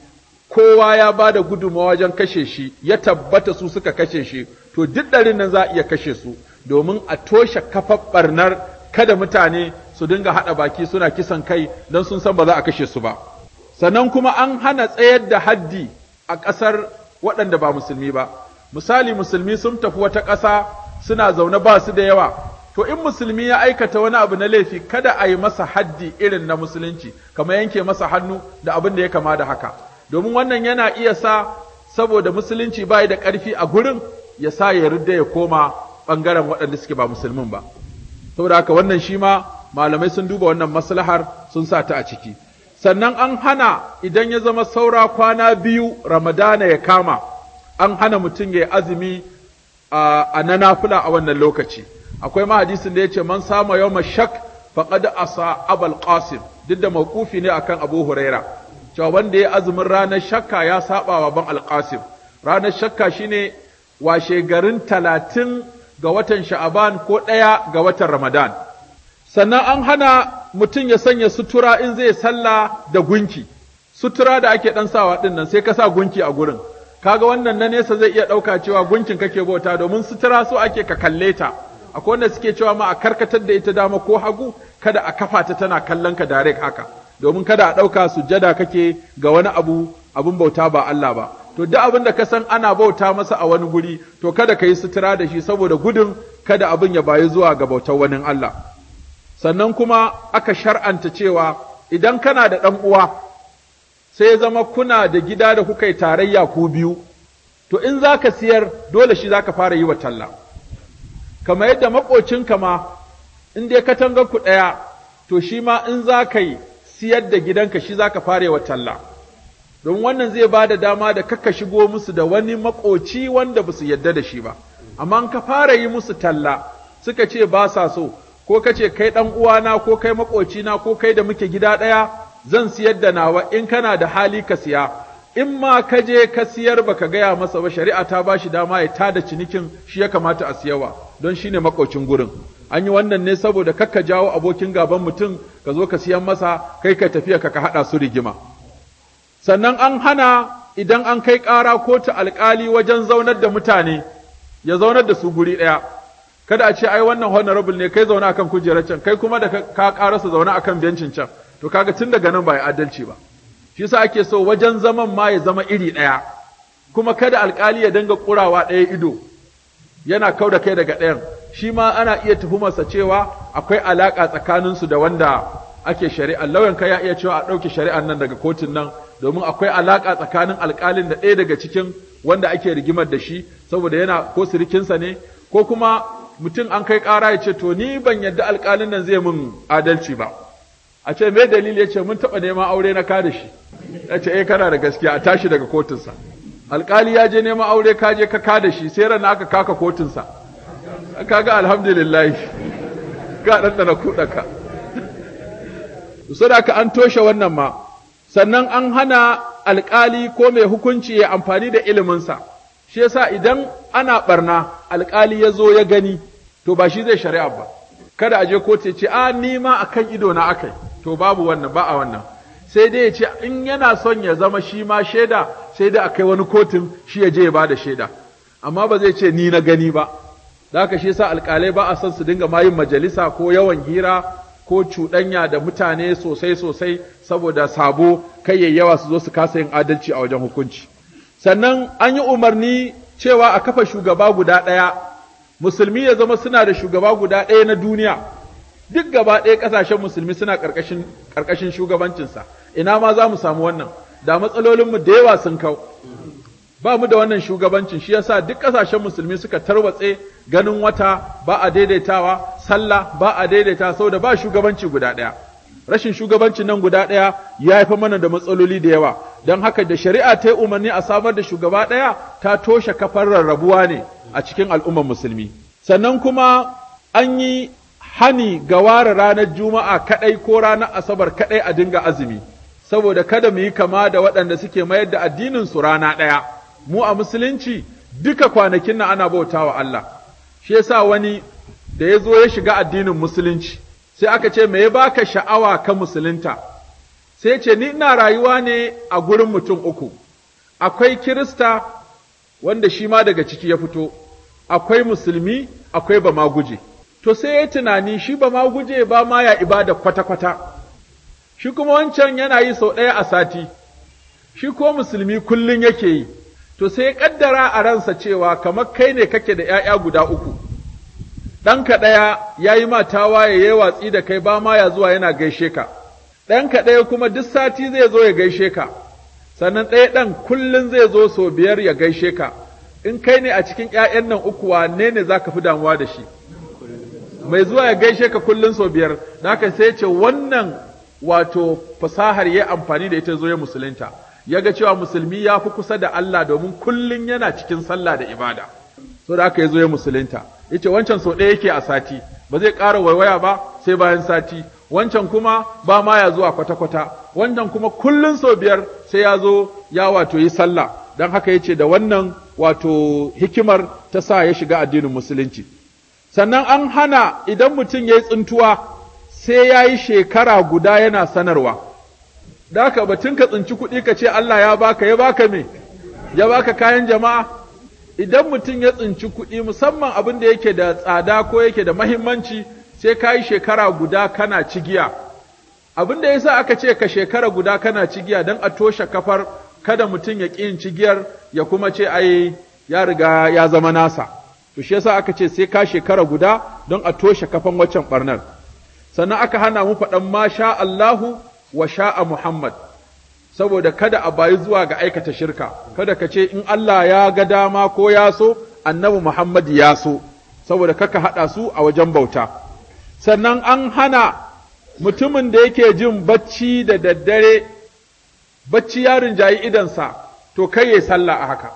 kowa ya ba da gudunmawa wajen kashe shi ya tabbata su suka kashe shi to duk ɗarin nan za a iya kashe su domin a toshe kafar ɓarnar kada mutane su dinga haɗa baki suna kisan kai don sun san ba za a kashe su ba sannan kuma an hana tsayar da haddi a ƙasar waɗanda ba musulmi ba misali musulmi sun tafi wata ƙasa suna zaune ba su da yawa to in musulmi ya aikata wani abu na laifi kada a yi masa haddi irin na musulunci kamar yanke masa hannu da abin da ya kama da haka domin wannan yana iya sa saboda musulunci bai da ƙarfi a gurin ya sa ya rudda ya koma ɓangaren waɗanda suke ba musulmin ba saboda haka wannan shi ma malamai sun duba wannan maslahar sun sa ta a ciki sannan an hana idan ya zama saura kwana biyu ramadana ya kama an hana mutum ya yi azumi a na nafila a wannan lokaci akwai ma hadisin da ya ce man sama yau mashak faƙadu asa abal ƙasim duk da maƙufi ne akan abu huraira cewa wanda ya azumin ranar shakka ya saba wa ban alƙasim, ranar shakka shine washe garin talatin ga watan sha'aban ko ɗaya ga watan ramadan sannan an hana mutum ya sanya sutura in zai sallah da gunki sutura da ake ɗan sawa ɗin nan sai ka sa gunki a gurin kaga wannan na nesa zai iya ɗauka cewa gunkin kake bauta domin sutura so ake ka kalle ta akwai wanda suke cewa ma a karkatar da ita dama ko hagu kada a kafa ta tana kallon ka direct haka domin kada a ɗauka sujjada kake ga wani abu abin bauta ba Allah ba to duk abin da ka san ana bauta masa a wani guri to kada ka yi sutura da shi saboda gudun kada abin ya bayi zuwa ga bautar wani Allah sannan kuma aka shar'anta cewa idan kana da ɗan uwa sai ya zama kuna da gida da kuka yi tarayya ku biyu to in za ka siyar dole shi za ka fara yi wa talla kamar yadda maƙocinka ma in dai katangar ku ɗaya to shi ma in za ka yi siyar da gidanka shi zaka fare wa talla don wannan zai ba da dama da kakka shigo musu da wani makoci wanda ba su yadda da shi ba amma ka fara yi musu talla suka ce ba sa so ko ka ce kai ɗan uwana ko kai makoci na ko kai da muke gida ɗaya zan siyar da nawa in kana da hali ka siya in ma ka je ka siyar baka gaya masa ba shari'a ta ba shi dama ya tada cinikin shi ya kamata a siyawa don shine makocin gurin an yi wannan ne saboda kakka jawo abokin gaban mutum ka zo ka siyan masa kai ka tafiya ka ka haɗa su rigima sannan an hana idan an kai ƙara kotu alƙali wajen zaunar da mutane ya zaunar da su guri ɗaya kada a ce ai wannan honorable ne kai zauna akan kujerar can kai kuma da ka su zauna akan bencin can to kaga tun daga nan ba ya adalci ba shi yasa ake so wajen zaman ma ya zama iri ɗaya kuma kada alƙali ya dinga ƙurawa ɗaya ido yana kau da kai daga ɗayan shi ma ana iya tuhumarsa cewa akwai alaƙa tsakaninsu da wanda ake shari'a lauyan ka ya iya cewa a ɗauke shari'an nan daga kotun nan domin akwai alaƙa tsakanin alƙalin da ɗaya daga cikin wanda ake rigimar da shi saboda yana ko sirikinsa ne ko kuma mutum an kai ƙara ya ce to ni ban yadda alƙalin nan zai mun adalci ba a ce me dalili ya ce mun taɓa neman aure na kada shi ya ce eh, kana da gaskiya a tashi daga kotunsa Alƙali ya je neman aure ka je ka ka da shi sai ran aka kaka kotunsa Ka ga alhamdulillah ka ɗanɗana kuɗaka sadaka an toshe wannan ma sannan an hana alƙali ko mai hukunci ya amfani da iliminsa shi yasa idan ana ɓarna alƙali ya zo ya gani to ba shi zai shari'a ba kada a je kotu ya ce a nima ma akan ido na akai to babu wannan ba a wannan sai dai ya ce in yana son ya zama shi ma shaida sai dai akai wani kotun shi ya je ya bada shaida amma ba zai ce ni na gani ba da haka shi yasa alƙalai ba a son su dinga mayin majalisa ko yawan hira ko cuɗanya da mutane sosai sosai saboda sabo kai ya yawa su zo su kasa yin adalci a wajen hukunci sannan an yi umarni cewa a kafa shugaba guda ɗaya musulmi ya zama suna da shugaba guda ɗaya na duniya duk gaba ɗaya ƙasashen musulmi suna ƙarƙashin shugabancinsa ina ma za mu samu wannan da matsalolinmu da yawa sun kau ba mu da wannan shugabancin shi yasa duk ƙasashen musulmi suka tarwatse ganin wata ba a daidaitawa sallah ba a daidaita saboda ba shugabanci guda ɗaya rashin shugabancin nan guda ɗaya ya haifa mana da matsaloli da yawa don haka da shari'a ta yi umarni a samar da shugaba ɗaya ta toshe kafar rarrabuwa ne a cikin al'ummar musulmi sannan kuma an yi hani ga ware ranar juma'a kaɗai ko ranar asabar kaɗai a dinga azumi saboda kada mu yi kama da waɗanda suke mayar da addinin su rana ɗaya mu a musulunci duka kwanakin nan ana bautawa Allah shi yasa wani da ya zo ya shiga addinin musulunci sai aka ce me ya baka sha'awa ka musulunta sai ce ni ina rayuwa ne a gurin mutum uku akwai kirista wanda shi ma daga ciki ya fito akwai musulmi akwai bama guje to sai ya tunani shi bama guje ba ma ya ibada kwata-kwata shi kuma wancan yana yi sau ɗaya a sati, shi ko musulmi kullum yake yi, to sai ya ƙaddara a ransa cewa kamar kai ne kake da ‘ya'ya guda uku, ɗanka ɗaya ya yi matawa ya yi watsi da kai ba ma ya zuwa yana gaishe ka, ɗanka ɗaya kuma duk sati zai zo ya gaishe ka, sannan ɗaya ɗan kullum zai zo sau biyar ya gaishe ka, in kai ne a cikin ‘ya'yan nan uku wa, ne za ka fi damuwa da shi? Mai zuwa ya gaishe ka kullum sau biyar, da haka sai ce wannan wato fasahar ya amfani da ita zo ya musulunta ya ga cewa musulmi ya fi kusa da Allah domin kullum yana cikin sallah da ibada so da aka ya zo ya musulunta yace wancan sau ɗaya yake a sati ba zai ƙara waiwaya ba sai bayan sati wancan kuma ba ma ya zuwa kwata-kwata wancan kuma kullun sau biyar sai ya zo ya wato yi sallah don haka yace da wannan wato hikimar ta sa ya shiga addinin musulunci sannan an hana idan mutum ya yi tsintuwa sai ya yi shekara guda yana sanarwa, da ka batun ka tsinci kuɗi ka ce Allah ya baka, ya baka me, ya baka kayan jama'a, idan mutum ya tsinci kuɗi musamman abin da yake da tsada ko yake da mahimmanci sai ka yi shekara guda kana cigiya. Abin da ya sa aka ce ka shekara guda kana cigiya don a toshe kafar kada mutum ya ƙi yin cigiyar ya kuma ce ai ya riga ya zama nasa. To shi yasa aka ce sai ka shekara guda don a toshe kafan waccan ɓarnar. sannan aka hana mu faɗan ma sha Allahu wa sha'a Muhammad saboda kada a bayi zuwa ga aikata shirka kada ka ce in Allah ya ga dama ko ya so annabi Muhammad ya so saboda kaka haɗa su a wajen bauta sannan an hana mutumin da yake jin bacci da daddare bacci ya rinjayi idansa to kai ya sallah a haka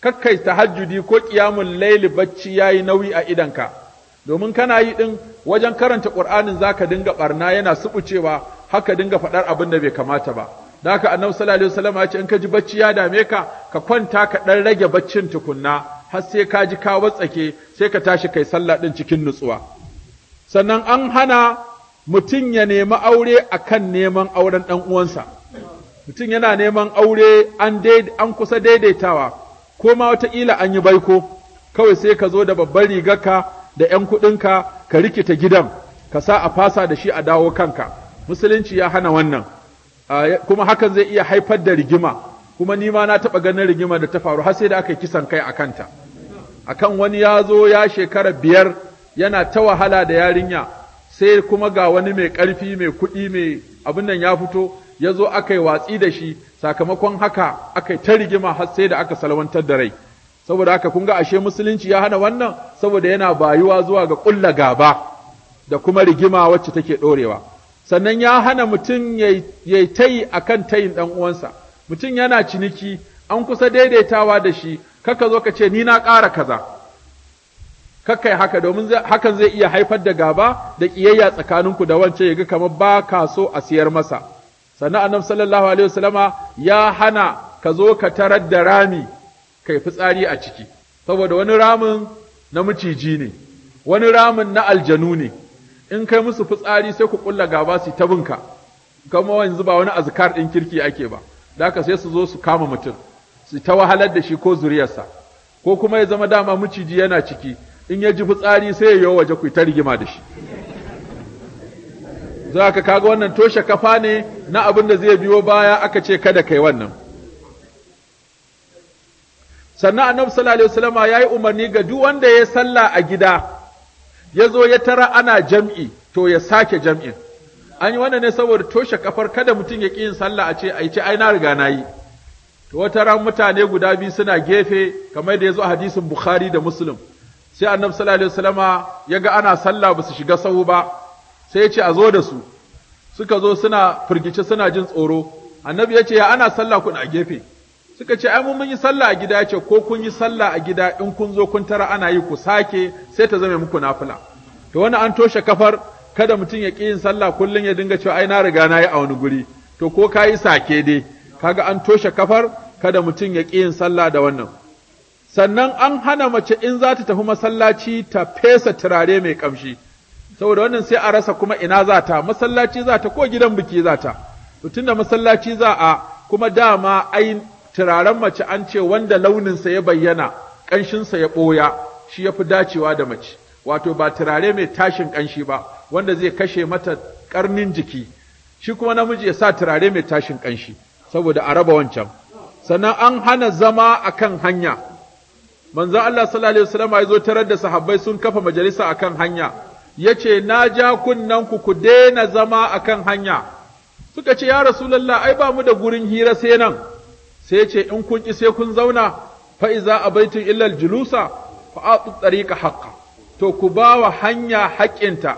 kakkai tahajjudi ko qiyamul laili bacci yayi nauyi a idanka domin kana yi ɗin wajen karanta Qur'anin zaka dinga ɓarna yana subucewa haka dinga faɗar abin da bai kamata ba da haka annabi sallallahu alaihi wasallam ya ce in ka ji bacci ya dame ka ka kwanta ka dan rage baccin tukunna har sai ka ji ka watsake sai ka tashi kai sallah din cikin nutsuwa sannan an hana mutum ya nemi aure akan neman auren ɗan uwansa mutum yana neman aure an an kusa daidaitawa ko ma wataƙila an yi baiko kawai sai ka zo da babbar rigarka da 'yan kuɗinka ka rikita gidan ka sa a fasa da shi a dawo kanka musulunci ya hana wannan kuma hakan zai iya haifar da rigima kuma ni ma na taɓa ganin rigima da ta faru har sai da aka yi kisan kai a kanta akan wani ya zo ya shekara biyar yana ta wahala da yarinya sai kuma ga wani mai ƙarfi mai kuɗi mai abin nan ya fito ya zo aka yi watsi da shi sakamakon haka aka ta rigima har sai da aka salwantar da rai saboda haka kun ga ashe musulunci ya hana wannan saboda yana bayuwa zuwa ga ƙulla gaba da kuma rigima wacce take ɗorewa. sannan ya hana mutum ya tayi a kan tayin dan uwansa mutum yana ciniki an kusa daidaitawa da shi kaka zo ka ce ni na ƙara kaza kakkai haka domin hakan zai iya haifar da gaba da ƙiyayya tsakaninku da wance ya ga kamar ba ka so a siyar masa sannan annabi sallallahu alaihi wasallama ya hana ka zo ka tarar da rami kai fitsari a ciki saboda wani ramin na maciji ne wani ramin na aljanu ne in kai musu fitsari sai ku kulla gaba su ta binka kuma yanzu ba wani azkar din kirki ake ba daka sai su zo su kama mutum su ta wahalar da shi ko zuriyarsa ko kuma ya zama dama maciji yana ciki in ya ji fitsari sai ya yi waje ku ta rigima da shi za kaga wannan toshe kafa ne na abin da zai biyo baya aka ce kada kai wannan sannan annabi sallallahu alaihi wasallama yi umarni ga duk wanda ya salla a gida ya zo ya tara ana jam'i to ya sake jam'i. an yi wannan ne saboda toshe kafar kada mutum ya ƙi yin sallah a ce ai ce ai na riga na yi to wata ran mutane guda biyu suna gefe kamar da ya zo a hadisin bukhari da muslim sai annabi sallallahu alaihi wasallama ya ga ana sallah ba su shiga sahu ba sai ya ce a zo da su suka zo suna firgice suna jin tsoro annabi ya ce ya ana sallah kuna a gefe suka ce ai mun yi sallah a gida ce ko kun yi sallah a gida in kun zo kun tara ana yi ku sake sai ta zame muku nafila to wani an toshe kafar kada mutum ya ƙi yin sallah kullum ya dinga cewa ai na riga na yi a wani guri to ko ka yi sake dai kaga an toshe kafar kada mutum ya ƙi yin sallah da wannan sannan an hana mace in za ta tafi masallaci ta fesa turare mai kamshi saboda wannan sai a rasa kuma ina za ta masallaci za ta ko gidan biki za ta da masallaci za a kuma dama ai turaren mace an ce wanda launinsa ya bayyana ƙanshinsa ya ɓoya shi ya fi dacewa da mace wato ba turare mai tashin ƙanshi ba wanda zai kashe mata karnin jiki shi kuma namiji ya sa turare mai tashin ƙanshi saboda a raba wancan sannan an hana zama akan hanya manzo Allah sallallahu alaihi wasallam ya zo tarar da sahabbai sun kafa majalisa akan hanya yace na ja kunnan ku ku daina zama akan hanya suka ce ya rasulullah ai ba mu da gurin hira sai nan sai ce in kun ƙi sai kun zauna fa'iza a baitin illal julusa fa atu tariqa haqqa to ku wa hanya haƙƙinta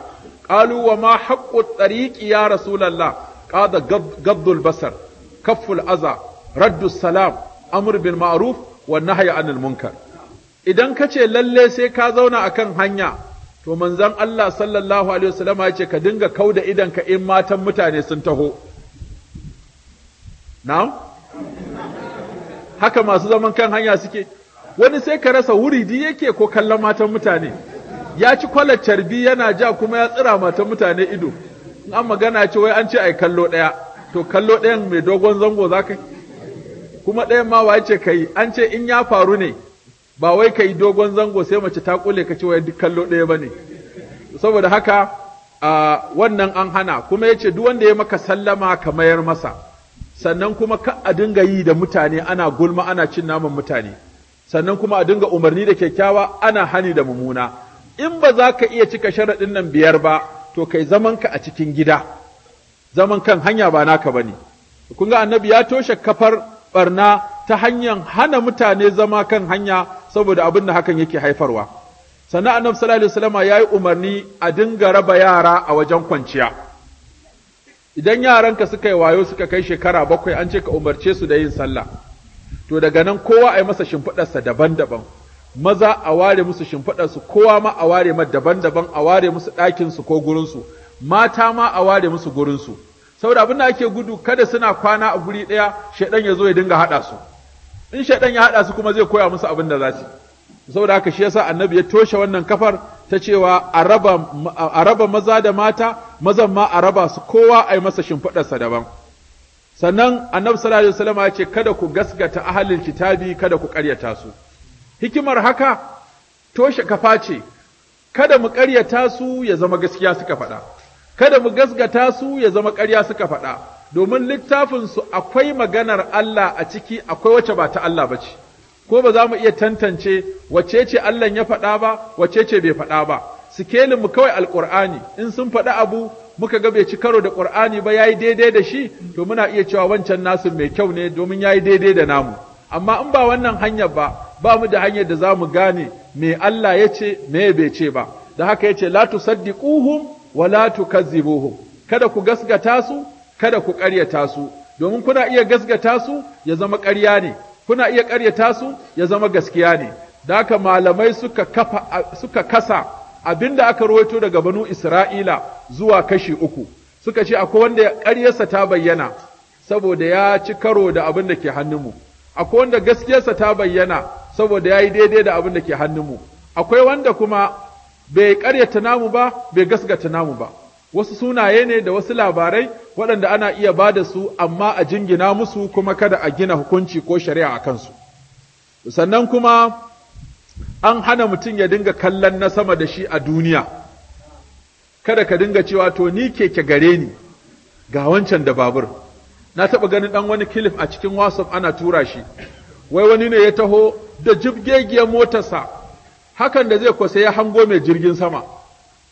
qalu wa ma haqqu tariqi ya rasulullah qada gaddul basar kafful aza raddus salam amr bin ma'ruf wa nahyi anil munkar idan ka ce lalle sai ka zauna akan hanya to manzon Allah sallallahu alaihi wasallama ya ce ka dinga kauda idan ka in matan mutane sun taho na'am haka masu zaman kan hanya suke wani sai ka rasa wuri wuridi yake ko kallon matan mutane ya ci kwalar carbi yana ja kuma ya tsira matan mutane ido in an magana ce wai an ce ai kallo ɗaya to kallo ɗayan mai dogon zango za ka kuma ɗayan ma wa ce ka yi an ce in ya faru ne ba wai ka yi dogon zango sai mace ta kule ka ce wai duk kallo ɗaya ba ne saboda haka wannan an hana kuma ya ce duk wanda ya maka sallama ka mayar masa sannan kuma ka a dinga yi da mutane ana gulma ana cin naman mutane sannan kuma a dinga umarni da kyakkyawa ana hani da mumuna, in ba za ka iya cika sharaɗin nan biyar ba to kai zaman ka a cikin gida zaman kan hanya ba naka bane kun ga annabi ya toshe kafar barna ta hanyar hana mutane zama kan hanya saboda abin da hakan yake haifarwa sannan annabi sallallahu alaihi wasallam yayi umarni a dinga raba yara a wajen kwanciya idan yaranka suka yi wayo suka kai shekara bakwai an ce ka umarce su da yin sallah to daga nan kowa a yi masa shimfiɗarsa daban-daban maza a ware musu shimfiɗarsu kowa ma a ware ma daban-daban a ware musu ɗakinsu ko gurinsu mata ma a ware musu gurinsu saboda abin da ake gudu kada suna kwana a guri ɗaya shaidan ya zo ya dinga haɗa su in shaidan ya haɗa su kuma zai koya musu abin da za su saboda haka shi yasa annabi ya toshe wannan kafar ta cewa a raba maza da mata mazan ma a raba su kowa a yi masa shimfiɗarsa daban sannan annabi sallallahu alaihi wasallam ya ce kada ku gaskata ahalin kitabi kada ku ƙaryata su hikimar haka toshe kafa ce kada mu ƙaryata su ya zama gaskiya suka faɗa kada mu gaskata su ya zama ƙarya suka faɗa domin littafinsu akwai maganar Allah a ciki akwai wacce ba ta Allah ba ce ko ba za mu iya tantance wace ce Allah ya faɗa ba wace ce bai faɗa ba sikelin mu kawai alqur'ani in sun faɗa abu muka ga bai ci karo da qur'ani ba yayi daidai da shi to muna iya cewa wancan nasu mai kyau ne domin yayi daidai da namu amma in ba wannan hanyar ba ba mu da hanyar da za mu gane me Allah ya ce me bai ce ba da haka ya ce la tusaddiquhum wa la tukazzibuhum kada ku gasgata su kada ku ƙaryata su domin kuna iya gasgata su ya zama ƙarya ne kuna iya ƙaryata su ya zama gaskiya ne da haka malamai suka kafa suka kasa abinda aka rawaito daga banu Isra'ila zuwa kashi uku suka ce akwai wanda ƙaryarsa ta bayyana saboda ya ci karo da abin da ke hannunmu akwai wanda gaskiyarsa ta bayyana saboda ya yi daidai da abin da ke hannunmu akwai wanda kuma bai ƙaryata namu ba bai gasgata namu ba wasu sunaye ne da wasu labarai waɗanda ana iya ba da su amma a jingina musu kuma kada a gina hukunci ko shari'a a kansu sannan kuma an hana mutum ya dinga kallon na sama da shi a duniya kada ka dinga cewa to ni keke gare ni ga wancan da babur na taɓa ganin ɗan wani kilif a cikin whatsapp ana tura shi wai wani ne ya taho da jibgegiyar motarsa hakan da zai kwasa ya hango mai jirgin sama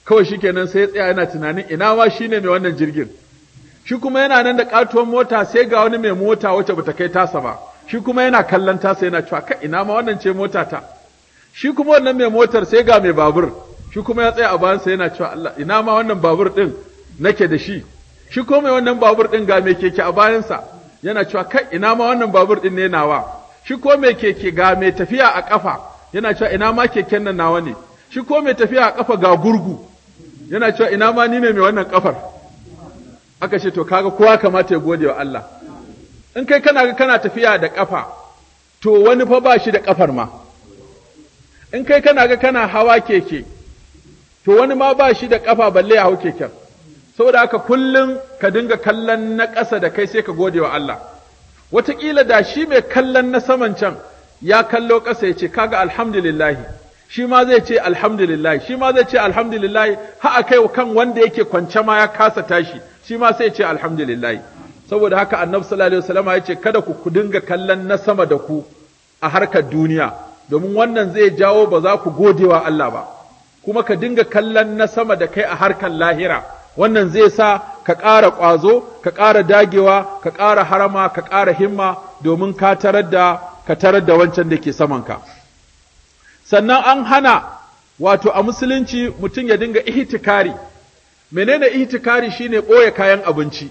kawai shi kenan sai ya tsaya yana tunanin ina ma ne mai wannan jirgin shi kuma yana nan da katuwar mota sai ga wani mai mota wacce bata kai tasa ba shi kuma yana kallon tasa yana cewa kai ina ma wannan ce mota ta shi kuma wannan mai motar sai ga mai babur shi kuma ya tsaya a bayansa yana cewa Allah ina ma wannan babur din nake da shi shi kuma mai wannan babur din ga mai keke a bayansa yana cewa kai ina ma wannan babur din ne nawa shi ko mai keke ga mai tafiya a kafa yana cewa ina ma keken nan nawa ne shi ko mai tafiya a kafa ga gurgu yana cewa ina ma ni ne mai wannan kafar aka ce to kaga kowa kamata ya gode wa Allah in kai kana kana tafiya da kafa to wani fa ba shi da kafar ma in kai kana ga kana hawa keke to wani ma ba shi da kafa balle ya hau keken saboda haka kullum ka dinga kallon na ƙasa da kai sai ka gode wa Allah wataƙila da shi mai kallon na saman can ya kallo ƙasa ya ce kaga alhamdulillahi shi ma zai ce alhamdulillah shi ma zai ce alhamdulillah ha kai kan wanda yake kwance ma ya kasa tashi shi ma sai ce alhamdulillah saboda haka annabi sallallahu alaihi wasallam ya ce kada ku dinga kallon na sama da ku a harkar duniya domin wannan zai jawo ba za ku godewa Allah ba kuma ka dinga kallon na sama da kai a harkar lahira wannan zai sa ka ƙara ƙwazo ka ƙara dagewa ka ƙara harama ka ƙara himma domin ka tarar da ka tarar da wancan da ke saman ka sannan an hana wato a musulunci mutum ya dinga ihtikari menene ihtikari shine ɓoye kayan abinci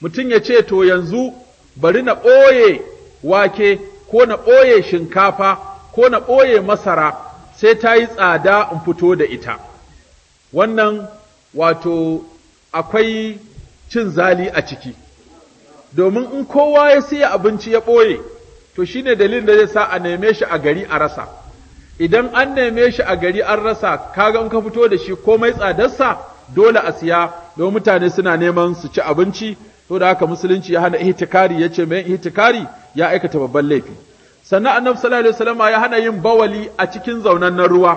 mutum ya ce to yanzu bari na ɓoye wake ko na ɓoye shinkafa ko na ɓoye masara sai ta yi tsada in fito da ita wannan wato akwai cin zali a ciki domin in kowa ya siya abinci ya ɓoye to shine dalilin da zai sa a neme shi a gari a rasa idan an neme shi a gari an rasa kaga in ka fito da shi komai tsadarsa dole a siya don mutane suna neman su ci abinci to da haka musulunci ya hana ihtikari ya ce mai ihtikari ya aikata babban laifi sannan annabi sallallahu alaihi wasallam ya hana yin bawali a cikin zaunan na ruwa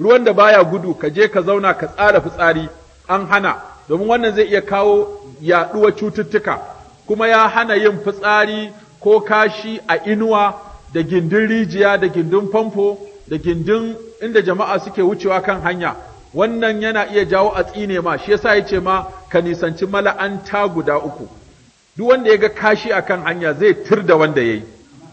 ruwan da baya gudu ka je ka zauna ka tsara fitsari an hana domin wannan zai iya kawo yaɗuwa cututtuka kuma ya hana yin fitsari ko kashi a inuwa da gindin rijiya da gindin famfo da gindin inda jama'a suke wucewa kan hanya wannan yana iya jawo a tsine ma shi yasa ce ma ka nisanci mala'anta guda uku duk wanda ya ga kashi akan hanya zai tir da wanda yayi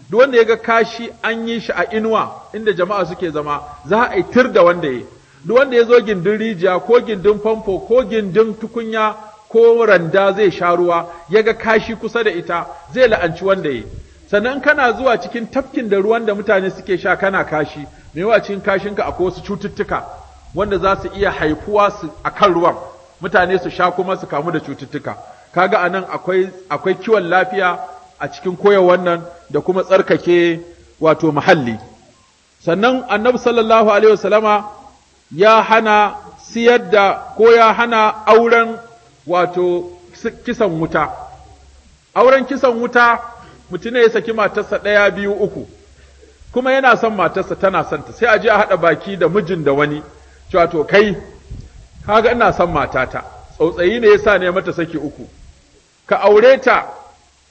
duk wanda ya ga kashi an yi shi a inuwa inda jama'a suke zama za a yi tir da wanda yayi duk wanda ya zo gindin rijiya ko gindin famfo ko gindin tukunya ko randa zai sha ruwa ya ga kashi kusa da ita zai la'anci wanda yayi sannan kana zuwa cikin tafkin da ruwan da mutane suke sha kana kashi me yawa cikin kashinka akwai wasu cututtuka wanda za su iya haifuwa su akan ruwan mutane su sha kuma su kamu da cututtuka kaga anan akwai akwai kiwon lafiya a cikin koyar wannan da kuma tsarkake wato muhalli sannan annabi sallallahu alaihi wasallama ya hana siyar da ko ya hana auren wato kisan wuta auren kisan wuta mutum ne ya saki matarsa ɗaya biyu uku kuma yana son matarsa tana son ta sai a je a haɗa baki da mijin da wani cewa to kai kaga ina son matata tsautsayi ne yasa ne mata saki uku ka aure ta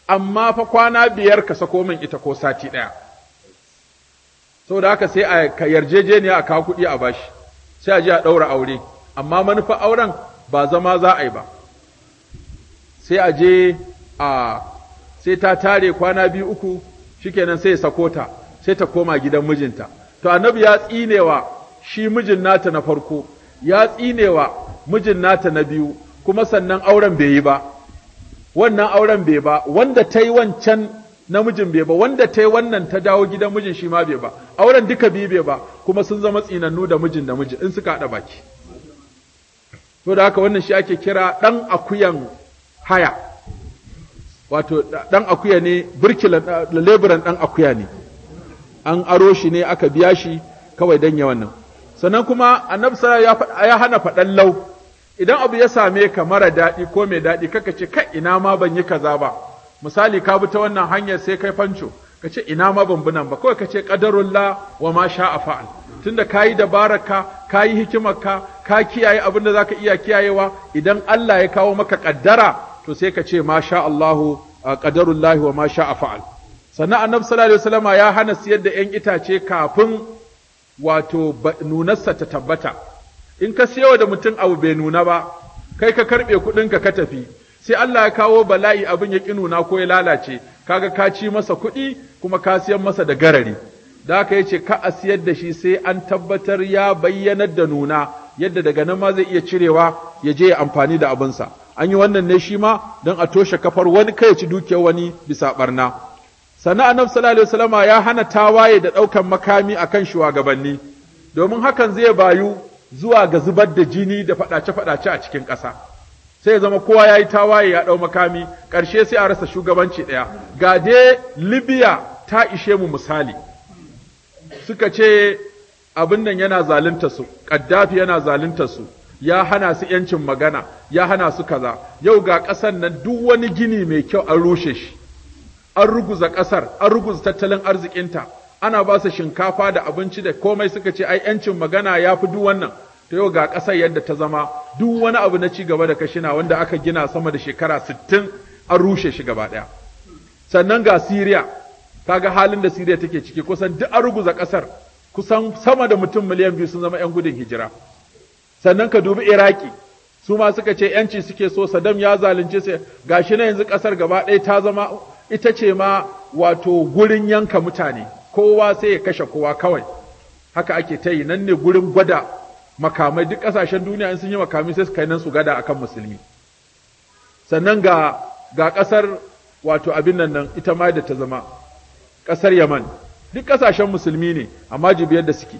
amma fa kwana biyar ka sako min ita ko sati ɗaya saboda haka sai a yarjejeniya a kawo kuɗi a bashi sai a je a ɗaura aure amma manufa auren ba zama za a yi ba sai a je a sai ta tare kwana biyu uku shikenan sai ya sako ta sai ta koma gidan mijinta to annabi ya tsinewa shi mijin nata na farko ya tsinewa mijin nata na biyu kuma sannan auren bai yi ba wannan auren bai ba wanda ta yi wancan mijin bai ba wanda ta yi wannan ta dawo gidan mijin shi ma bai ba auren duka biyu bai ba kuma sun zama tsinannu da mijin da mijin in suka haɗa baki to da haka wannan shi ake kira ɗan akuyan haya wato ɗan akuya ne birkilan leburan ɗan akuya ne an aro shi ne aka biya shi kawai dan ya wannan sannan kuma annabi sallallahu ya hana faɗan lau idan abu ya same ka mara daɗi ko mai daɗi kaka ce kai ina ma ban yi kaza ba misali ka bi ta wannan hanyar sai kai fanco ka ce ina ma ban nan ba kawai ka ce qadarullah wa ma sha'a fa'al tunda kayi ka kayi hikimarka ka kiyaye abin da zaka iya kiyayewa idan Allah ya kawo maka kaddara to sai ka ce masha Allahu qadarullahi wa masha fa'al sannan annabi sallallahu alaihi wasallama ya hana siyar da ‘yan itace kafin wato nunarsa ta tabbata in ka siyawa da mutum abu bai nuna ba kai ka karɓe kuɗin ka ka tafi sai Allah ya kawo bala'i abin ya ƙinuna ko ya lalace kaga ka ci masa kuɗi kuma ka siyan masa da garari da aka yace ka a siyar da shi sai an tabbatar ya bayyanar da nuna yadda daga nan ma zai iya cirewa ya je ya amfani da abinsa an yi wannan ne shi ma don a toshe kafar wani kai ci dukiyar wani bisa barna sannan annabi sallallahu alaihi ya hana tawaye da ɗaukan makami akan shugabanni domin hakan zai bayu zuwa ga zubar da jini da faɗace-faɗace a cikin ƙasa sai ya zama kowa ya yi tawaye ya ɗau makami ƙarshe sai a rasa shugabanci ɗaya ga libya ta ishe mu misali suka ce abin nan yana zalunta su ƙaddafi yana zalunta su ya hana su ‘yancin magana, ya hana su kaza, yau ga ƙasar nan duk wani gini mai kyau an rushe shi, an ruguza ƙasar, an ruguza tattalin arzikinta, ana ba su shinkafa da abinci da komai suka ce ai ‘yancin magana ya fi duk wannan, ta yau ga ƙasar yadda ta zama duk wani abu na ci gaba da kashina wanda aka gina sama da shekara sittin an rushe shi gaba ɗaya. Sannan ga Siriya, kaga halin da Siriya take ciki kusan duk an ruguza ƙasar, kusan sama da mutum miliyan biyu sun zama ‘yan gudun hijira. sannan ka dubi iraki su ma suka ce yanci suke so Saddam ya zalunce su gashi na yanzu kasar gaba ɗaya ta zama ita ce ma wato gurin yanka mutane kowa sai ya kashe kowa kawai haka ake ta yi nan ne gurin gwada makamai duk ƙasashen duniya in sun yi makamai sai su kai nan su gada akan musulmi sannan ga ga ƙasar wato abin nan nan ita ma da ta zama ƙasar Yaman duk ƙasashen musulmi ne amma jibiyar da suke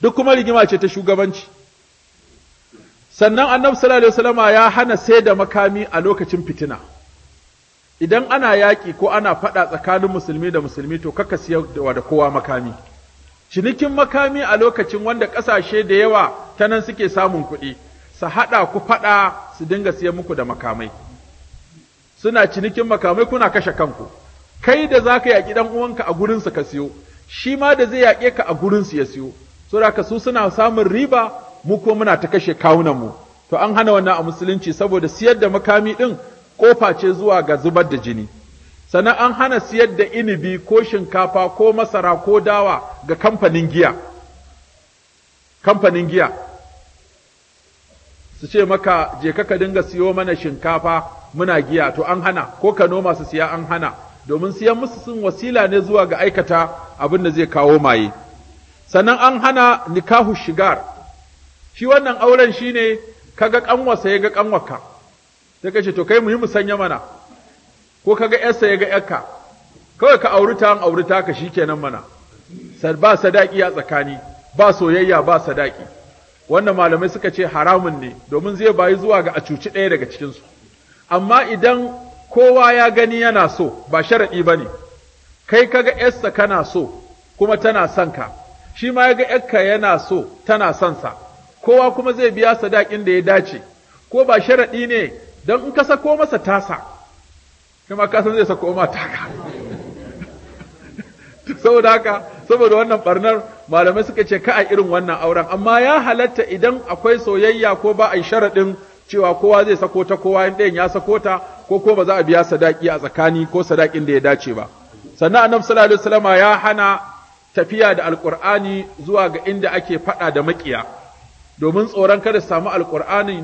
duk kuma rigima ce ta shugabanci sannan annabi sallallahu alaihi wasallama ya hana sai da makami a lokacin fitina idan ana yaƙi ko ana faɗa tsakanin musulmi da musulmi to kaka siyar da kowa makami cinikin makami a lokacin wanda ƙasashe da yawa ta nan suke samun kuɗi su haɗa ku faɗa su dinga siyan muku da makamai suna cinikin makamai kuna kashe kanku kai da za ka yaƙi ɗan uwanka a gurinsu ka siyo shi ma da zai yaƙe ka a gurinsu ya siyo saboda su suna samun riba mu ko muna ta kashe kawunan mu to an hana wannan a musulunci saboda siyar da makami ɗin, kofa ce zuwa ga zubar da jini sannan an hana siyar da inibi ko shinkafa ko masara ko dawa ga kamfanin giya kamfanin giya su ce maka je ka dinga siyo mana shinkafa muna giya to an hana ko ka noma su siya an hana domin siyan musu sun wasila ne zuwa ga aikata abin da zai kawo maye sannan an hana nikahu shigar shi wannan auren shi shine kaga kanwarsa ya ga kanwarka sai kashe, to kai mu yi mana ko kaga ƴarsa ya ga ƴarka, kawai ka auri ta an auri ta ka shi kenan mana ba sadaki a tsakani ba soyayya ba sadaki wannan malamai suka ce haramun ne domin zai bayi zuwa ga a cuci ɗaya daga cikin su amma idan kowa ya gani yana so ba sharadi bane kai kaga ƴarsa kana so kuma tana son ka shi ma ya ga yarka yana so tana son sa kowa kuma zai biya sadakin da ya dace ko ba sharaɗi ne don in ka sako masa tasa kuma ka zai sako ma taka saboda haka saboda wannan barnar malamai suka ce ka a irin wannan auren amma ya halatta idan akwai soyayya ko ba a yi sharaɗin cewa kowa zai sako ta kowa in ɗayan ya sako ta ko ko ba za a biya sadaki a tsakani ko sadakin da ya dace ba sannan annabi sallallahu alaihi wasallama ya hana tafiya da alqur'ani zuwa ga inda ake faɗa da maƙiya domin tsoron kada su samu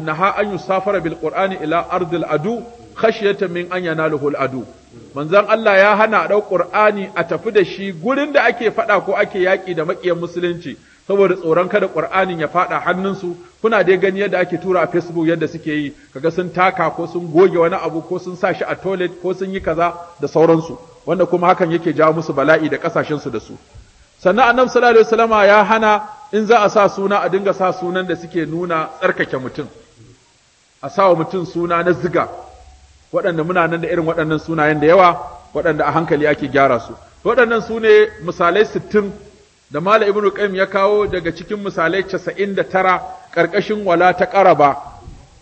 na ha an safara bil ƙur'ani ila ardil adu khashyata min an na al adu manzon Allah ya hana ɗau ƙur'ani a tafi da shi gurin da ake faɗa ko ake yaki da makiyan musulunci saboda tsoron kada ƙur'anin ya fada hannunsu kuna dai gani yadda ake tura a facebook yadda suke yi kaga sun taka ko sun goge wani abu ko sun sa shi a toilet ko sun yi kaza da sauransu wanda kuma hakan yake jawo musu bala'i da kasashen su da su sannan annabi sallallahu alaihi wasallama ya hana in za a sa suna a dinga sa sunan da suke nuna tsarkake mutum a sa wa mutum suna na ziga waɗanda muna nan da irin waɗannan sunayen da yawa waɗanda a hankali ake gyara su waɗannan su ne misalai sittin da Malam Ibn Qayyim ya kawo daga cikin misalai casa'in da tara ƙarƙashin wala ta ƙaraba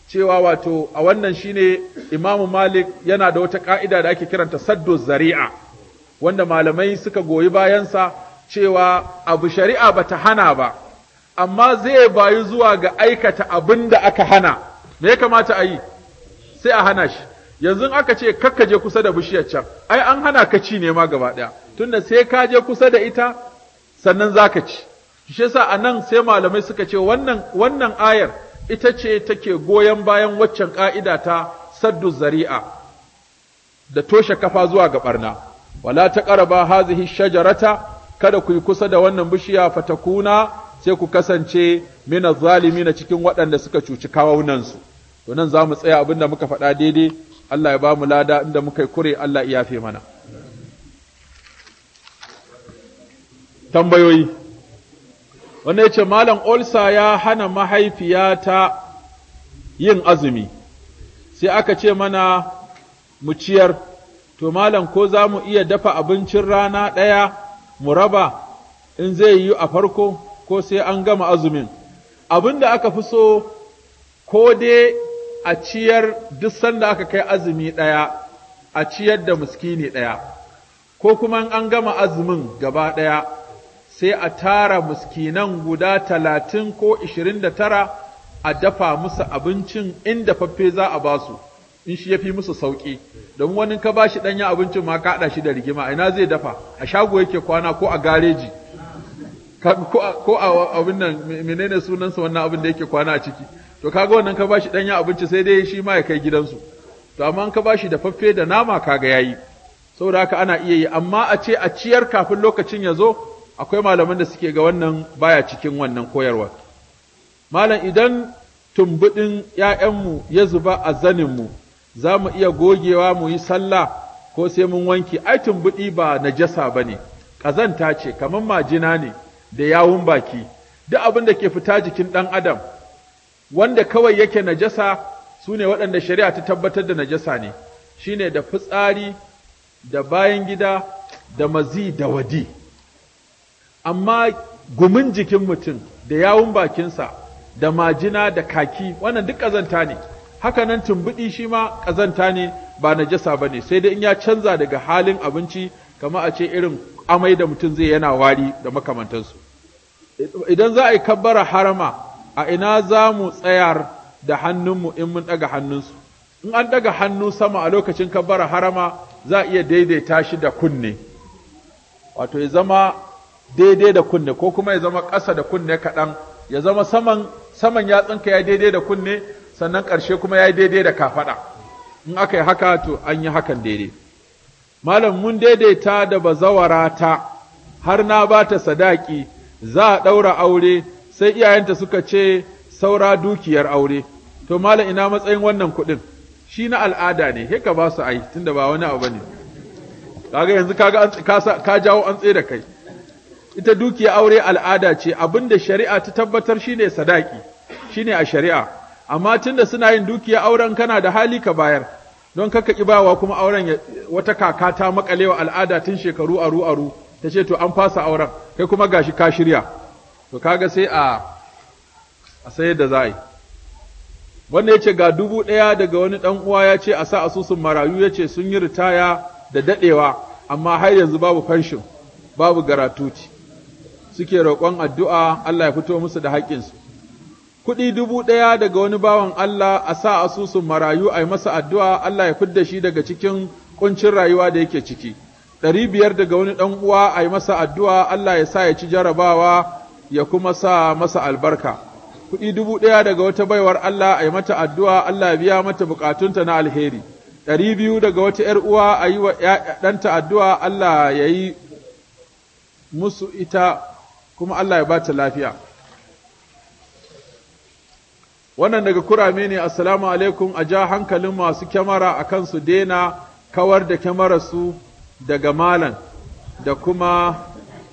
cewa wato a wannan shine Imamu Malik yana da wata ƙa'ida da ake kiranta saddo zari'a wanda malamai suka goyi bayansa cewa abu shari'a bata hana ba amma zai bayu zuwa ga aikata abin da aka hana me ya kamata a yi sai a hana shi yanzu aka ce kakka je kusa da bishiyar can ai an hana ka ci ne ma gaba ɗaya tunda sai ka je kusa da ita sannan za ka ci shi a nan sai malamai suka ce wannan ayar ita ce take goyon bayan waccan ka'ida ta saddu zari'a da toshe kafa zuwa ga barna wala ta ba hazihi shajarata kada ku yi kusa da wannan bishiya fatakuna sai ku kasance mina zalimi na cikin waɗanda suka cuci kawunansu to nan za mu tsaya abin da muka faɗa daidai Allah ya ba mu lada inda muka yi kure Allah ya yafe mana tambayoyi wannan yace malam olsa ya hana mahaifiyata yin azumi sai aka ce mana mu ciyar to malam ko za mu iya dafa abincin rana ɗaya mu raba in zai yi a farko ko sai an gama azumin abin da aka fi so ko dai a ciyar duk sanda aka kai azumi ɗaya a ciyar da muskini ɗaya ko kuma an gama azumin gaba ɗaya sai a tara muskinan guda talatin ko ishirin da tara a dafa musu abincin inda dafaffe za a basu. in shi ya fi musu sauƙi don wani ka ba shi ɗanya abincin ma ka shi da rigima ina zai dafa a shago yake kwana ko a gareji ko a abin nan menene sunansa wannan abin da yake kwana a ciki to kaga wannan ka ba shi ɗanya abinci sai dai shi ma ya kai gidansu to amma ka ba shi dafaffe da nama kaga yayi saboda haka ana iya yi amma a ce a ciyar kafin lokacin ya zo akwai malaman da suke ga wannan baya cikin wannan koyarwa malam idan tumbuɗin ‘ya'yanmu ya zuba a zaninmu za mu iya gogewa mu yi sallah ko sai mun wanke ai tumbuɗi ba najasa ba ne ƙazanta ce kamar majina ne da yawun baki duk abin da ke fita jikin ɗan adam wanda kawai yake najasa su ne waɗanda shari'a ta tabbatar da najasa ne shine da fitsari da bayan gida da mazi da wadi amma gumin jikin mutum da yawun bakinsa da majina da kaki wannan duk ƙazanta ne haka nan tumbuɗi shi ma ƙazanta ne ba najasa ba ne sai dai in ya canza daga halin abinci kamar a ce irin amai da mutum zai yana wari da makamantansu idan za a yi kabbara harama a ina za mu tsayar da hannunmu in mun ɗaga hannunsu in an ɗaga hannu sama a lokacin kabbara harama za a iya daidaita shi da kunne wato ya zama daidai da kunne ko kuma ya zama ƙasa da kunne kaɗan ya zama saman saman yatsunka ya daidai da kunne sannan ƙarshe kuma ya yi daidai da kafaɗa in aka yi haka to an yi hakan daidai malam mun daidaita da bazawara ta har na ba ta sadaki za a ɗaura aure sai iyayenta suka ce saura dukiyar aure to malam ina matsayin wannan kuɗin shi na al'ada ne heka ba su ai tunda ba wani abu ne kaga yanzu kaga ka jawo an tsaye da kai ita dukiyar aure al'ada ce da shari'a ta tabbatar shine sadaki shine a shari'a amma tunda suna yin dukiya auren kana da hali ka bayar don kaka kibawa kuma auren wata kaka ta makalewa al'ada tun shekaru aru aru ta ce to an fasa auren kai kuma gashi ka shirya to kaga sai a a sayar da za'a wanda ya ga dubu ɗaya daga wani ɗan uwa ya ce a sa asusun marayu ya ce sun yi ritaya da dadewa amma har yanzu babu fanshin babu garatuci suke roƙon addu'a Allah ya fito musu da haƙƙinsu kuɗi dubu ɗaya daga wani bawan Allah a sa asusun marayu a yi masa addu'a Allah ya fidda shi daga cikin ƙuncin rayuwa da yake ciki, ɗari biyar daga wani ɗan uwa a yi masa addu'a Allah ya sa ya ci jarabawa ya kuma sa masa albarka, kuɗi dubu ɗaya daga wata baiwar Allah a yi mata addu'a Allah ya biya mata buƙatunta na alheri, ɗari biyu daga wata ‘yar uwa a yi wa ɗanta addu'a Allah ya yi musu ita kuma Allah ya ba ta lafiya. wannan daga kurame ne assalamu alaikum a ja hankalin masu kyamara a kan su daina kawar da kyamararsu daga malam da kuma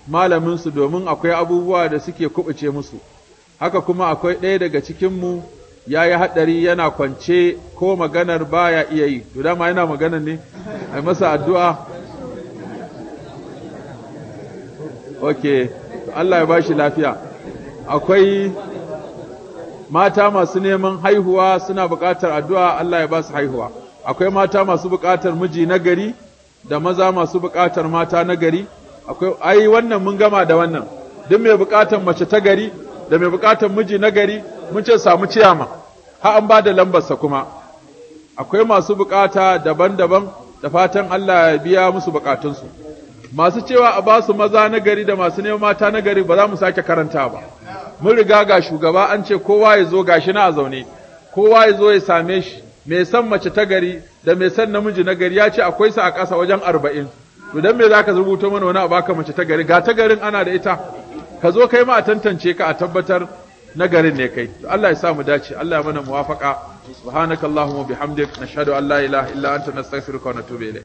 malaminsu domin akwai abubuwa da suke kubuce musu haka kuma akwai ɗaya daga cikinmu ya yi haɗari yana kwance ko maganar baya iya yi to dama yana maganar ne a masa addu'a ok Allah ya ba shi lafiya akwai mata masu neman haihuwa suna buƙatar addu'a Allah ya ba su haihuwa akwai mata masu buƙatar miji nagari da maza masu buƙatar mata nagari akwai ai wannan mun gama da wannan duk mai buƙatar mace ta gari da mai buƙatar miji nagari mun ce samu ciyama Ha an ba da lambarsa kuma akwai masu buƙata daban-daban da fatan Allah ya biya musu buƙatunsu masu cewa a basu maza na gari da masu neman mata na gari ba za mu sake karanta ba mun riga ga shugaba an ce kowa ya zo gashi na a zaune kowa ya zo ya same shi mai san mace ta gari da mai san namiji na gari ya ce akwai su a ƙasa wajen arba'in to don me za ka rubuta mana wani a baka mace ta gari ga ta garin ana da ita ka zo kai ma a tantance ka a tabbatar na garin ne kai Allah ya sa mu dace Allah ya mana muwafaqa subhanakallahumma bihamdik nashhadu an la ilaha illa anta nastaghfiruka wa natubu ilayk